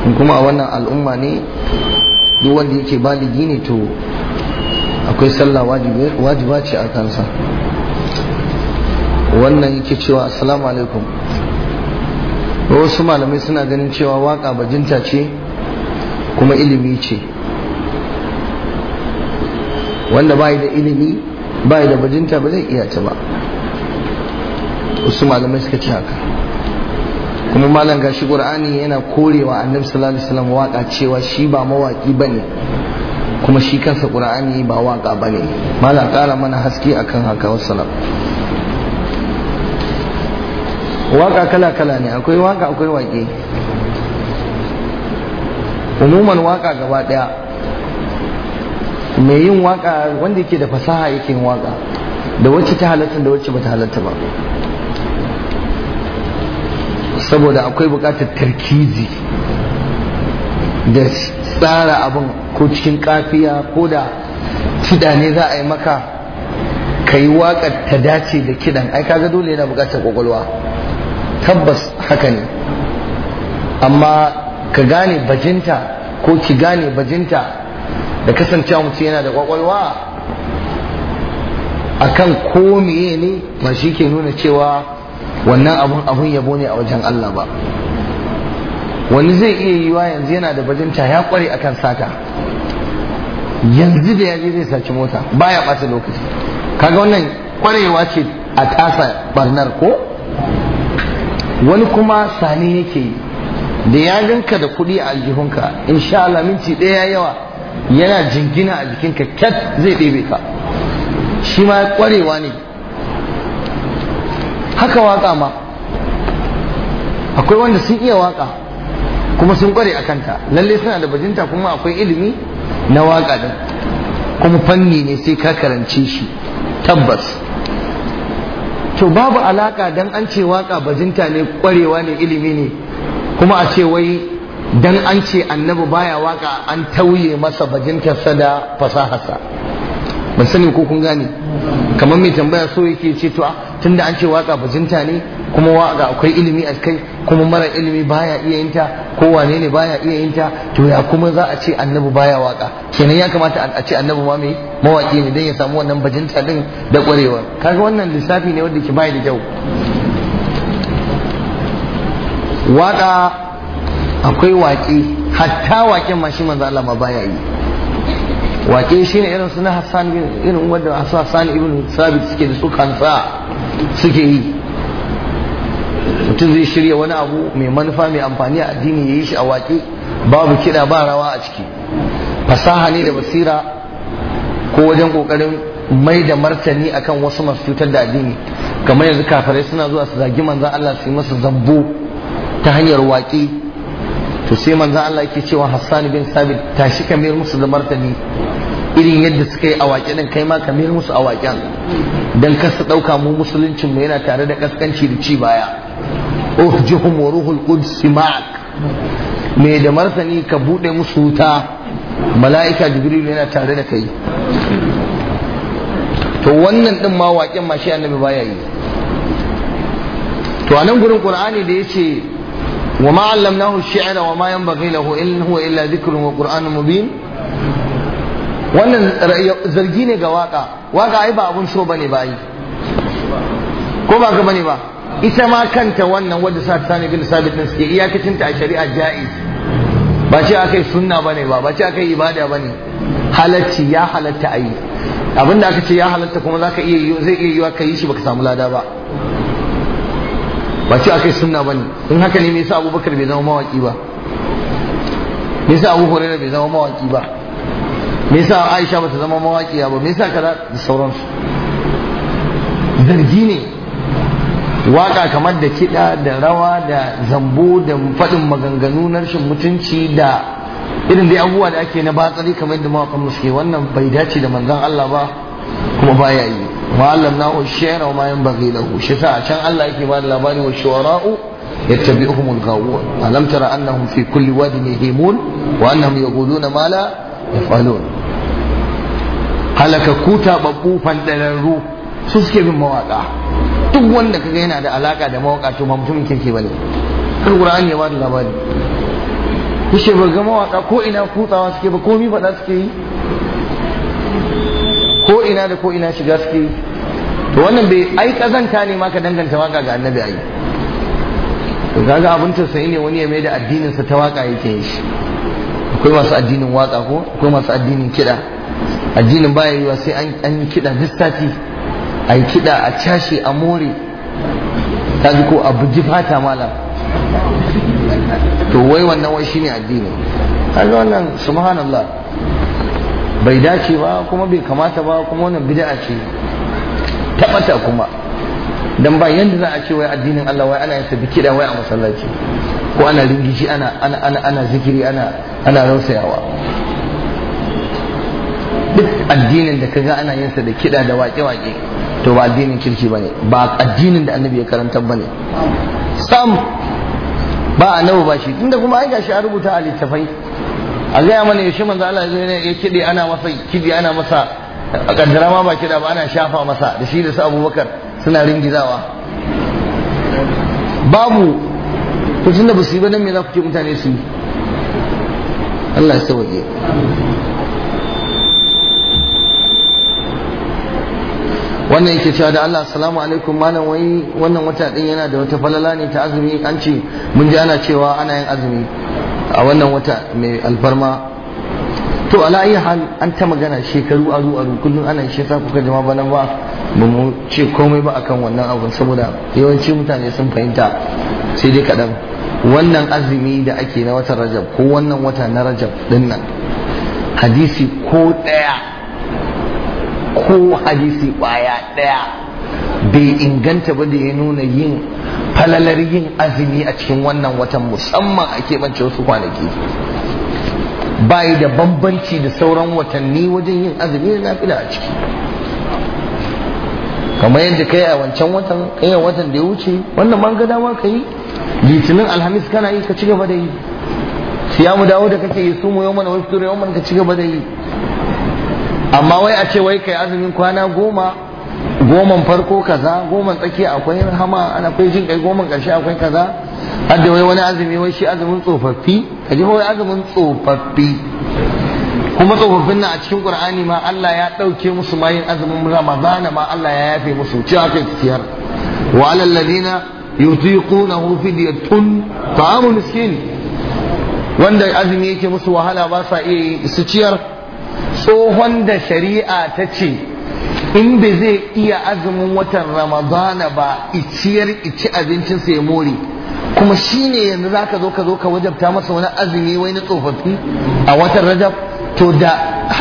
in kuma a wannan al'umma ne duk wanda yake baligi ne to akwai sallah wajiba ce a kansa wannan yake cewa assalamu alaikum wasu malamai suna ganin cewa waka bajinta ce kuma ilimi ce wanda bai da ilimi bai da bajinta ba zai iya ta ba wasu malamai suka ce haka kuma malam gashi qur'ani yana korewa annabi sallallahu alaihi wasallam waka cewa shi ba mawaki bane kuma shi kansa qur'ani ba waka bane malam kara mana haske akan haka wasallam waka kala kala ne akwai waka akwai wake umuman waka gaba daya mai yin waka wanda yake da fasaha yake waka da wacce ta halatta da wacce bata halatta ba saboda akwai bukatar tarkizi da tsara abin ko cikin kafiya ko da kiɗa ne za a yi maka ka yi waƙar ta dace da kiɗan ai ga dole yana bukatar ƙwaƙwalwa tabbas haka ne amma ka gane bajinta ko ki gane bajinta da kasancewa mutum yana da ƙwaƙwalwa akan ko meye ne ma shi ke nuna cewa wannan abun abun yabo ne a wajen Allah ba wani zai iya yi wa yanzu yana da bajinta ya kware akan sata yanzu da ya zai saci mota baya ɓata lokaci kaga wannan kwarewa ce a tasa barnar ko wani kuma sani yake yi da ya ganka da kuɗi a aljihunka insha Allah minti ɗaya yawa yana jingina a jikinka cat zai ɗebe ka shi ma kwarewa ne haka waka ma akwai wanda sun iya waka kuma sun kware a kanta lalle suna da bajinta kuma akwai ilimi na waka din kuma fanni ne sai ka karance shi tabbas to babu alaka dan an ce waka bajinta ne kwarewa ne ilimi ne kuma a ce wai dan an ce annabi baya waka an tauye masa bajintarsa da fasaharsa ban sani ko kun gane kamar mai tambaya so yake ce to tunda an ce waka bajinta ne kuma waka akwai ilimi a kai kuma mara ilimi baya iya yin ta ko wane ne baya iya yin ta to ya kuma za a ce annabi baya waka kenan ya kamata a ce annabi ma mai mawaki ne dan ya samu wannan bajinta din da kwarewa kaga wannan lissafi ne wanda ke bai da kyau waka akwai waki hatta waken ma shi manzo Allah ma baya yi Wake shi ne irin suna hassan irin wanda hassan ibn sabit suke da su kansa suke yi mutum zai shirya wani abu mai manufa mai amfani a addini ya yi shi a wake. babu kiɗa ba rawa a ciki fasaha ne da basira ko wajen ƙoƙarin mai da martani akan wasu masu cutar da addini kamar yanzu kafirai suna zuwa su zagi manzan Allah su yi masa zabbo ta hanyar waƙe to sai manzo Allah yake cewa Hassan bin Sabit tashi ka mayar musu da martani irin yadda suka yi waƙe din kai ma ka mayar musu awaƙen dan kar su dauka mu musuluncin mu yana tare da kaskanci da ci baya jihum wa ruhul quds ma'ak me da martani ka bude musu wuta mala'ika jibril yana tare da kai to wannan din ma waƙen ma shi annabi baya yi to anan gurin qur'ani da yace وما علمناه الشعر وما ينبغي له إن هو إلا ذكر وقرآن مبين wannan zargi ne ga waka waka ai ba abun so bane ba yi ko ba ka bane ba ita ma kanta wannan wadda sa ta sani bin sabit din suke iyakacin ta a shari'a ja'i ba ce akai sunna bane ba ba ce akai ibada bane halacci ya halatta ayi abinda aka ce ya halatta kuma zaka iya yi zai iya yiwa ka yi shi baka samu lada ba ba ce suna sunna bane in haka ne me yasa abubakar bai zama mawaki ba me yasa abu bai zama mawaki ba me yasa aisha bata zama mawaƙiya ba me yasa da sauransu zargi ne waka kamar da kiɗa da rawa da zambo da faɗin maganganu na rashin mutunci da irin dai abubuwa da ake na batsari kamar yadda mawaƙan muske wannan bai dace da manzon Allah ba kuma baya yi wa na ushera ma yan bagi da ku shi sa can Allah yake ba da labari wa shuwara'u yattabi'uhum al-ghawun alam tara annahum fi kulli wadin himun wa annahum na mala ya falon. halaka kuta babu fandararru su suke bin mawaka duk wanda kaga yana da alaka da mawaka to ba mutumin kirki bane har Qur'ani ya ba da labari kushe ba ga mawaka ko ina kutsawa suke ba komi faɗa suke yi ko ina da ko ina shiga suke to wannan bai ai kazanta ne ma ka danganta waka ga annabi ai to kaga abin tausayi ne wani ya mai da addinin sa ta waka yake yin shi akwai masu addinin waka ko akwai masu addinin kiɗa addinin baya wa sai an an kiɗa distati ai a a cashe a more kaji ko abu jifata mala. to wai wannan wai shine addini kaga wannan subhanallah bai dace ba kuma bai kamata ba kuma wannan bid'a ce tabbata kuma dan ba yanda za a ce wai addinin Allah wai ana yin sa bikida wai a masallaci ko ana ringishi ana ana ana ana zikiri ana ana rausayawa duk addinin da kaga ana yin sa da kida da waƙe-waƙe to ba addinin kirki bane ba addinin da annabi ya karanta bane sam ba annabi ba shi tunda kuma ai gashi a rubuta a littafai a gaya mana yaushe manzo Allah zai ne ya kidi ana masa kidi ana masa a kaddara ma ba kida ba ana shafa masa da shi da su Abubakar suna ringizawa babu to tunda ba su yi ba me za ku ce mutane su yi Allah ya sauke wannan yake cewa da Allah assalamu alaikum malam wai wannan wata din yana da wata falala ne ta azumi an ce mun ji ana cewa ana yin azumi a wannan wata mai alfarma to ala ayi hal an ta magana shekaru aru aru kullum ana shi sa kuka jama bana ba ba mu ce komai ba akan wannan abun saboda yawanci mutane sun fahimta sai dai kaɗan wannan azumi da ake na watan rajab ko wannan wata na rajab din nan hadisi ko ɗaya ko hadisi baya ɗaya bai inganta ba da ya nuna yin falalar yin azumi a cikin wannan watan musamman a keɓance wasu kwanaki bayi da bambanci da sauran watanni wajen yin azumi na nafila a ciki kamar yadda kai a wancan watan kai watan da ya wuce wannan man ga dama ka yi litinin alhamis kana yi ka ci gaba da yi siyamu dawo da kake yi sumu yau mana wasu fito yau mana ka ci gaba da yi amma wai a ce wai kai azumin kwana goma goman farko kaza goman tsakiya akwai rahama ana akwai jin kai goman karshe akwai kaza har wai wani azumi wai shi azumin tsofaffi ka wai azumin tsofaffi kuma tsofaffin nan a cikin qur'ani ma Allah ya ɗauke musu mayin azumin ramadana ma Allah ya yafe musu ci aka tsiyar wa alal ladina yutiqunahu fidyatun ta'amu miskin wanda azumi yake musu wahala ba sa iya su ciyar tsohon da shari'a ta ce in bai zai iya azumin watan ramadana ba iciyar ici abincinsa ya more kuma shi ne yanzu za ka zo ka zo ka wajabta masa wani azumi wai na tsofaffi a watan rajab to da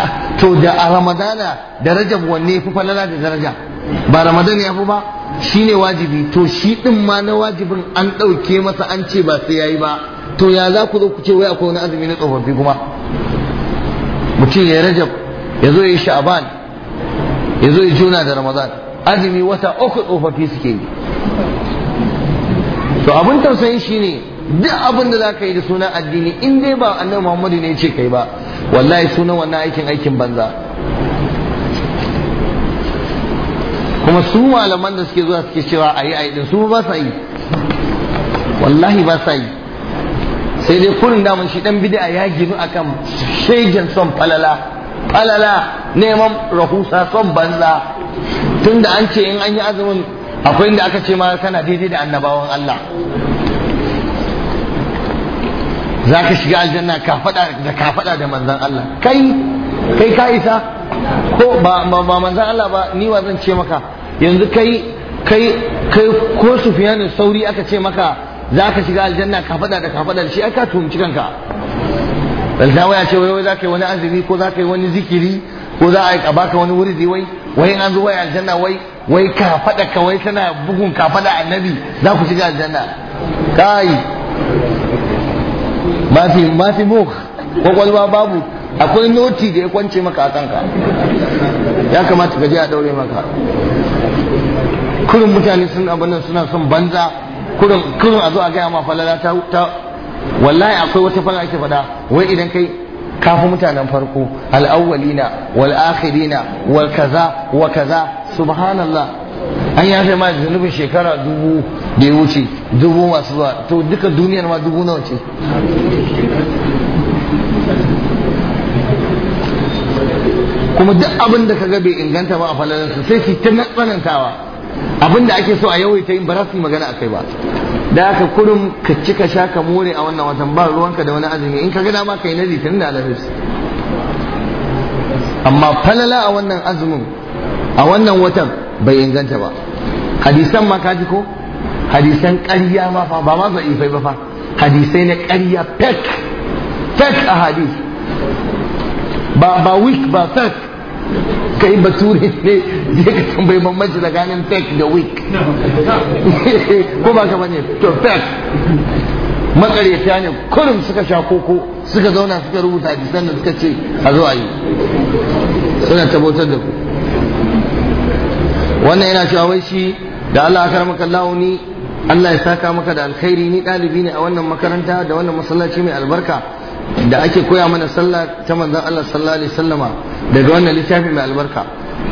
to a ramadana da rajab wanne fi falala da daraja ba ramadan ya fi ba shi ne wajibi to shi din ma na wajibin an ɗauke masa an ce ba sai yayi ba to ya za ku zo ku ce wai akwai wani azumi na tsofaffi kuma mutum ya rajab ya zo ya yi sha'aban zo ya juna da ramadan azumi wata uku tsofaffi suke yi to abin tausayi shine duk abin da zaka yi da suna addini in dai ba annabi Muhammadu ne ce kai ba wallahi sunan wannan aikin aikin banza kuma su malaman da suke zuwa suke cewa a yi aiki su ba sa yi wallahi ba sa yi sai dai kurin daman shi dan bid'a ya ginu akan shaidan son falala falala neman rahusa son banza tun da an ce in an yi azumin akwai inda aka ce ma kana daidai da annabawan Allah za ka shiga aljanna da ka faɗa da manzan Allah kai kai ka isa ko ba manzan Allah ba ni wa zan ce maka yanzu kai kai kai ko sufiyanu sauri aka ce maka za ka shiga aljanna ka faɗa da ka faɗa da shi ai ka tuhumci kanka balzawa ya ce wai za ka yi wani azumi ko za ka yi wani zikiri ko za a yi baka wani wuri wai wai an zo wai aljanna wai wai ka fada ka wai tana bugun ka fada annabi za ku shiga aljanna kai mafi mafi mu kwakwalwa babu akwai noti da ya kwance maka a kanka ya kamata ka je a daure maka kurin mutane sun abin suna son banza kurin a zo a gaya ma falala ta wallahi akwai wata fara ake fada wai idan kai kafi mutanen farko al'awwalina wal'akhirina wal kaza wa kaza subhanallah an ya fi ma zunubin shekara dubu da ya wuce dubu masu zuwa to duka duniyar ma dubu nawa ce kuma duk abin da kaga bai inganta ba a falalansu sai su ta tsanantawa abin da ake so a yawaita yin ba magana a kai ba da aka kurum ka ci ka sha ka more a wannan watan ba ruwanka da wani azumi in ka ga dama kai na tun da alhamis amma falala a wannan azumin a wannan watan bai inganta ba hadisan ma ko hadisan ƙarya ma fa ba ma a ba fa hadisai na ƙarya fek fek a hadis ba ba ba fek kai bature ne je ka tambayi bambanci tsakanin fake da weak ko ba ka bane to fake makaryata ne kurum suka sha koko suka zauna suka rubuta hadisan da suka ce a zo a yi suna tabbatar da ku wannan yana cewa wai shi da Allah aka maka launi Allah ya saka maka da alkhairi ni ɗalibi ne a wannan makaranta da wannan masallaci mai albarka da ake koya mana sallah ta manzon Allah sallallahu alaihi wasallama daga wannan littafi mai albarka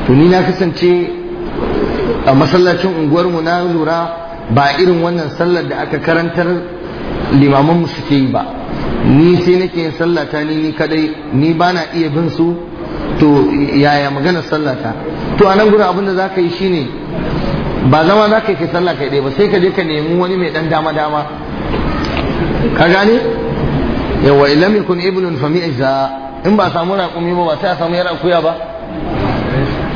to na kasance a masallacin unguwar mu na lura ba irin wannan sallar da aka karantar limamanmu suke yi ba ni sai nake yin sallata ni ni kadai ni ba na iya bin su to yaya magana sallata to a nan gurin abin da za ka yi shine ba zama za ka yi kai sallah kai ɗaya ba sai ka je ka nemi wani mai dan dama dama ka gane yawa ilam yakun ibnun fa in ba samu raƙumi ba ba sai a samu yar akuya ba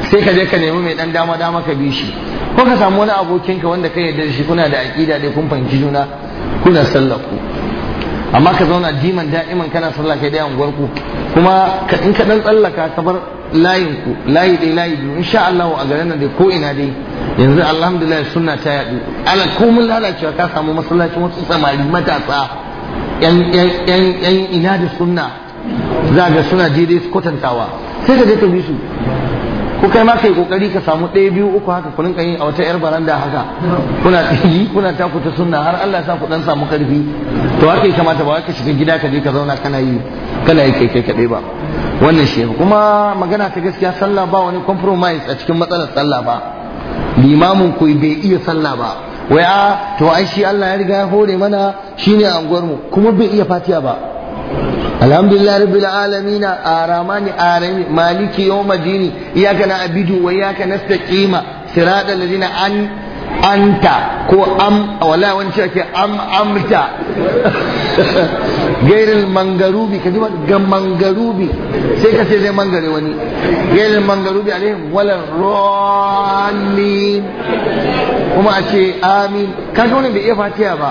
sai ka je ka nemi mai dan dama dama ka bi shi ko ka samu wani abokinka wanda ka yarda da shi kuna da aƙida dai kun fanki juna kuna sallar amma ka zauna diman da'iman kana sallah kai da unguwar ku kuma in ka dan tsallaka ka bar layin ku layi dai layi biyu insha Allah a garin nan dai ko ina dai yanzu alhamdulillah sunna ta yadu ala komun lalacewa ka samu masallacin wasu samari matasa yan yan yan ina da sunna za ga suna dai su kwatantawa sai ka je ka bi su ko kai ma kai kokari ka samu ɗaya biyu uku haka ku rinka yin a wata yar baranda haka kuna yi kuna takuta sunna har Allah ya sa ku dan samu karfi to haka ya kamata ba ka shiga gida ka je ka zauna kana yi kana yi kai kai kadai ba wannan shi kuma magana ta gaskiya sallah ba wani compromise a cikin matsalar sallah ba limamin ku bai iya sallah ba wai a to ai shi Allah ya riga ya hore mana shine anguwar mu kuma bai iya fatiya ba alhamdulillah rabbil alamin aramani arami maliki yawm iyaka na abidu wa iyyaka nastaqima siratal ladina an anta ko am wala wani ce ke am amta gairil mangarubi ka ba ga mangarubi sai ka ce zai mangare wani gairil mangarubi alaihim wala rani kuma a ce amin ka ga wani bai iya fatiya ba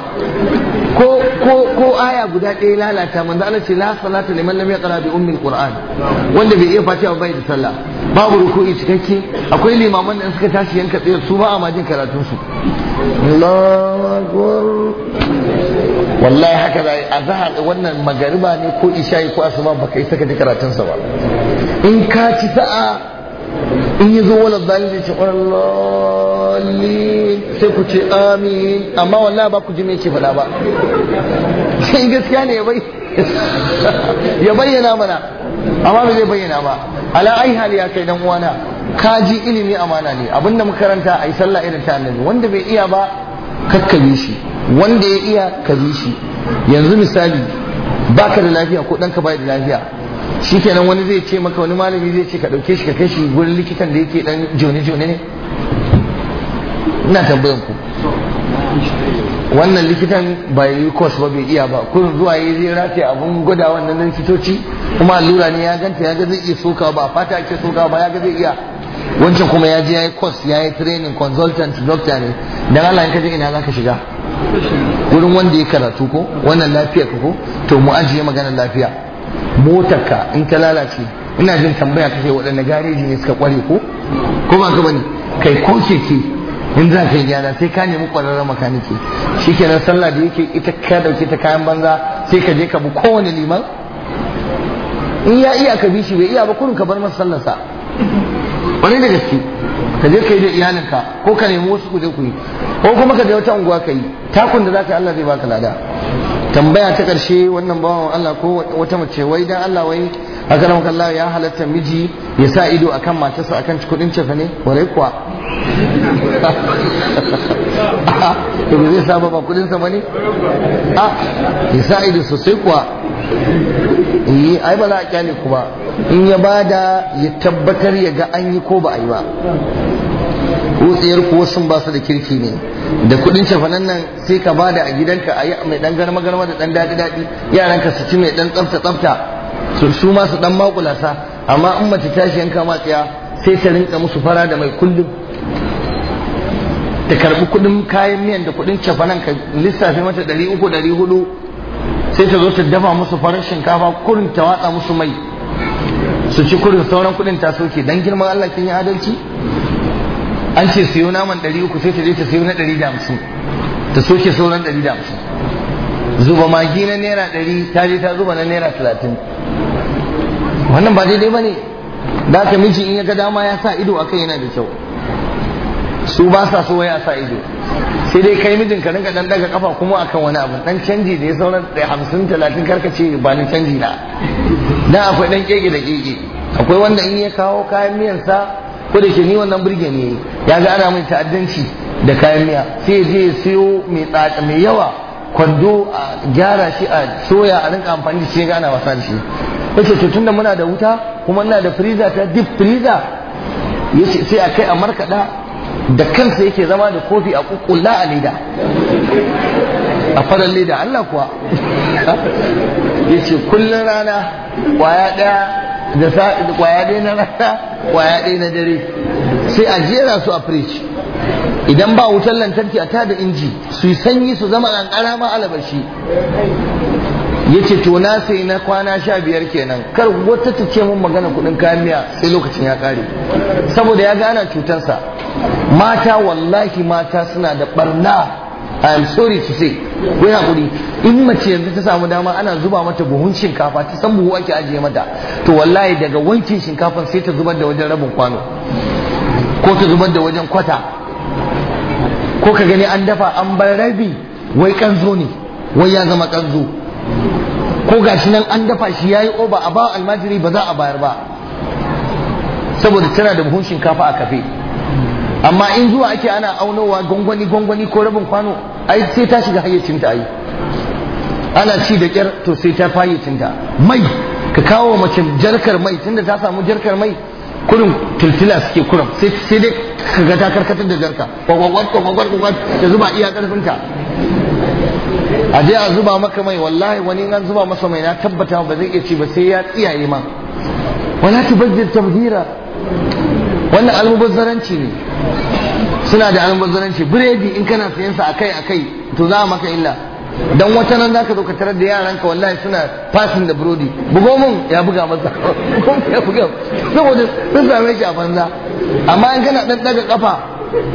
ko ko ko aya guda ɗaya lalata manzo Allah ce la salata liman lam yaqra bi ummil qur'an wanda bai iya fatiha bai da sallah babu ruku'i cikakke akwai limaman da suka tashi yanka tsaye su ba a majin karatun su Allahu akbar wallahi haka da azhar wannan magariba ne ko isha'i ko asuba baka yi saka ji karatun sa ba in ka ci sa'a in ya zo wani zalimi ce ƙwararrali sai ku ce amin amma wallah ba ku ji mai ce faɗa ba sai gaskiya ne ya bayyana mana amma ba zai bayyana ba ala ai hali ya kai dan uwana kaji ilimi amana ne abinda muka karanta a yi sallah irin ta annabi wanda bai iya ba kakkabi shi wanda ya iya ka shi yanzu misali baka da lafiya ko ɗanka bai da lafiya kenan wani zai ce maka wani malami zai ce ka dauke shi ka kai shi wurin likitan da yake dan jone-jone ne ina tambayan ku wannan likitan bai yi kwas ba bai iya ba kurin zuwa yi zai rataye abun gwada wannan likitoci kuma allura ne ya ganta ya ga zai iya soka ba fata ake soka ba ya ga zai iya wancan kuma ya je ya yi kwas ya yi training consultant doctor ne dan Allah in ka je ina ka shiga wurin wanda ya karatu ko wannan lafiya ka ko to mu ajiye maganar lafiya motarka in ta lalace ina jin tambaya ce waɗanne gareji ne suka kware ko ko ba ka bane kai ko ce in za ka yi gyara sai ka nemi ƙwararren makaniki shikenan sallah da yake ita ka dauke ta kayan banza sai ka je ka bi kowane liman in ya iya ka bi shi bai iya ba kurin ka bar masa sallarsa wani da gaske ka je ka yi da iyalinka ko ka nemi wasu ku je ku yi ko kuma ka je wata unguwa ka yi takun da za ka yi Allah zai baka lada tambaya ta ƙarshe wannan bawan Allah ko wata mace wai dan Allah wai akalam kallah ya halatta miji ya sa ido akan matarsa akan cikudin cefa ne warai kuwa to ba zai saba ba kudin sa bane a ah, ya sa ido sosai kuwa eh ai ba a kyale ku ba in ya bada ya tabbatar ya ga an yi ko ba a yi ba ko tsayar kuwa sun ba su da kirki ne da kudin cefanen nan sai ka bada a gidanka a yi mai dan garma garma da dan daɗi daɗi ka su ci mai dan tsafta tsafta su ma su dan makulasa amma in mace shi yanka tsaya sai ta rinka musu fara da mai kullum ta karbi kudin kayan miyan da kudin cefanen ka lissafe mata ɗari uku ɗari hudu sai ta zo ta dafa musu farin shinkafa kurin ta watsa musu mai su ci kurin sauran kudin ta soke dan girman Allah kin yi adalci an ce siyo naman ɗari uku sai ta je ta siyo na ɗari da hamsin ta soke sauran ɗari da hamsin zuba magi na naira ɗari ta je ta zuba na naira talatin wannan ba daidai ba ne da haka miji in ya ga dama ya sa ido a kai yana da kyau su ba sa so ya sa ido sai dai kai mijin ka rinka dan daga kafa kuma akan wani abu dan canji da ya sauran da hamsin talatin karka ce ba ni canji na dan akwai dan keke da keke akwai wanda in ya kawo kayan miyansa ko da ke ni wannan burge ne ya ga ana mai ta'addanci da kayan miya sai je ya siyo mai tsada mai yawa kwando a gyara shi a soya a rinka amfani da shi ga ana wasa da shi yace to tunda muna da wuta kuma ina da freezer ta deep freezer yace sai a kai a markada da kansa yake zama da kofi a kukkulla a leda a farar leda Allah kuwa yace kullun rana kwaya daya da kwaya ɗaya na rana kwaya na dare sai a jera su a fridge idan ba wutar lantarki a tada inji su yi sanyi su zama kankara ma alabashi ya ce to na sai na kwana sha biyar kenan kar wata ta ce mun magana kudin kayan miya sai lokacin ya kare saboda ya gana cutarsa mata wallahi mata suna da barna I am sorry to say in mace yanzu ta samu dama ana zuba mata buhun shinkafa ta san buhu ake ajiye mata to wallahi daga wankin shinkafan sai ta zubar da wajen rabin kwano ko ta zubar da wajen kwata ko ka gani an dafa an bar rabi wai kanzo ne wai ya zama kanzo ko gashi nan an dafa shi yayi oba a ba almajiri ba za a bayar ba saboda tana da buhun shinkafa a kafe amma in zuwa ake ana aunowa gwangwani gwangwani ko rabin kwano ai sai ta shiga hayyacinta ai ana ci da kyar to sai ta fayyacinta mai ka kawo mace jarkar mai tunda ta samu jarkar mai kurin tiltila suke kuram, sai dai ka ga ta karkatar da jarka kwakwakwat kwakwakwat kwakwakwat ta zuba iya karfinta a je a zuba maka mai wallahi wani an zuba masa mai na tabbata ba zai iya ci ba sai ya tsiyaye ma wala tubazzir tabdira wannan almubazzaranci ne suna da almubazzaranci biredi in kana sayan sa akai akai to za maka illa dan wata nan zaka zo ka tarar da yaranka wallahi suna fashin da burodi bugo mun ya buga masa ya buga saboda sun same shi a banza amma in kana dan daga kafa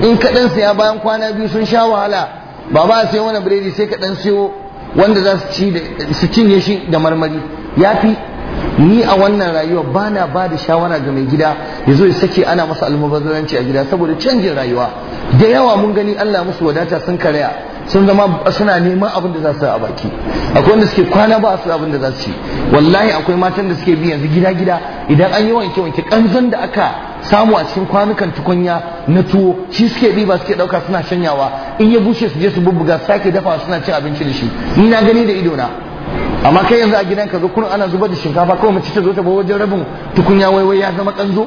in ka dan saya bayan kwana biyu sun sha wahala baba ba sai wani biredi sai ka dan sayo wanda za su ci su cinye shi da marmari ya fi. ni a wannan rayuwa ba na ba da shawara ga mai gida ya zo ya sake ana masa almubazzaranci a gida saboda canjin rayuwa da yawa mun gani Allah musu wadata sun karaya sun zama suna neman abin da za su a baki akwai wanda suke kwana ba su abin da za su ci wallahi akwai matan da suke bi yanzu gida gida idan an yi wanke wanke kanzon da aka samu a cikin kwanukan tukunya na tuwo shi suke bi ba suke dauka suna shanyawa in ya bushe su je su bubbuga sake dafa suna cin abinci da shi ni na gani da ido na amma kai yanzu a ka zo kurin ana zubar da shinkafa kawai mace ta zo ta wajen rabin tukunya waiwai ya zama kanzo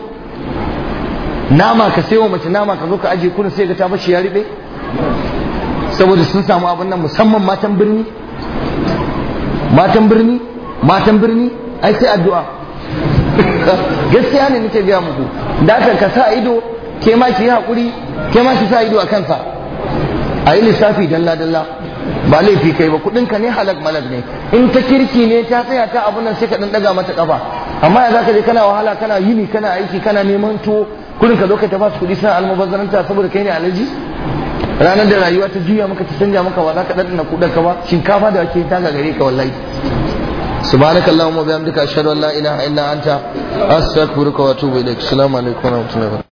nama ka sayo mace nama ka zo ka aje kurin sai ga ta bashi ya riɓe saboda sun samu abin nan musamman matan birni matan birni matan birni ai sai addu'a gaskiya ne nake gaya muku da aka ka sa ido ke ma ki yi haƙuri ke ma ki sa ido a kansa a yi lissafi dalla dalla ba laifi kai ba kudin ka ne halak malak ne in ta kirki ne ta tsaya ta abun nan sai ka dan daga mata kafa amma ya zaka je kana wahala kana yini kana aiki kana neman to kudin ka lokacin ta ba su kudi sai almubazzaranta saboda kai ne alaji ranar da rayuwa ta juya maka ta canja maka ba za ka dadana kudin ka ba shinkafa da ake ta gare ka wallahi سبحانك اللهم وبحمدك اشهد ان لا اله الا انت استغفرك واتوب اليك السلام عليكم ورحمه الله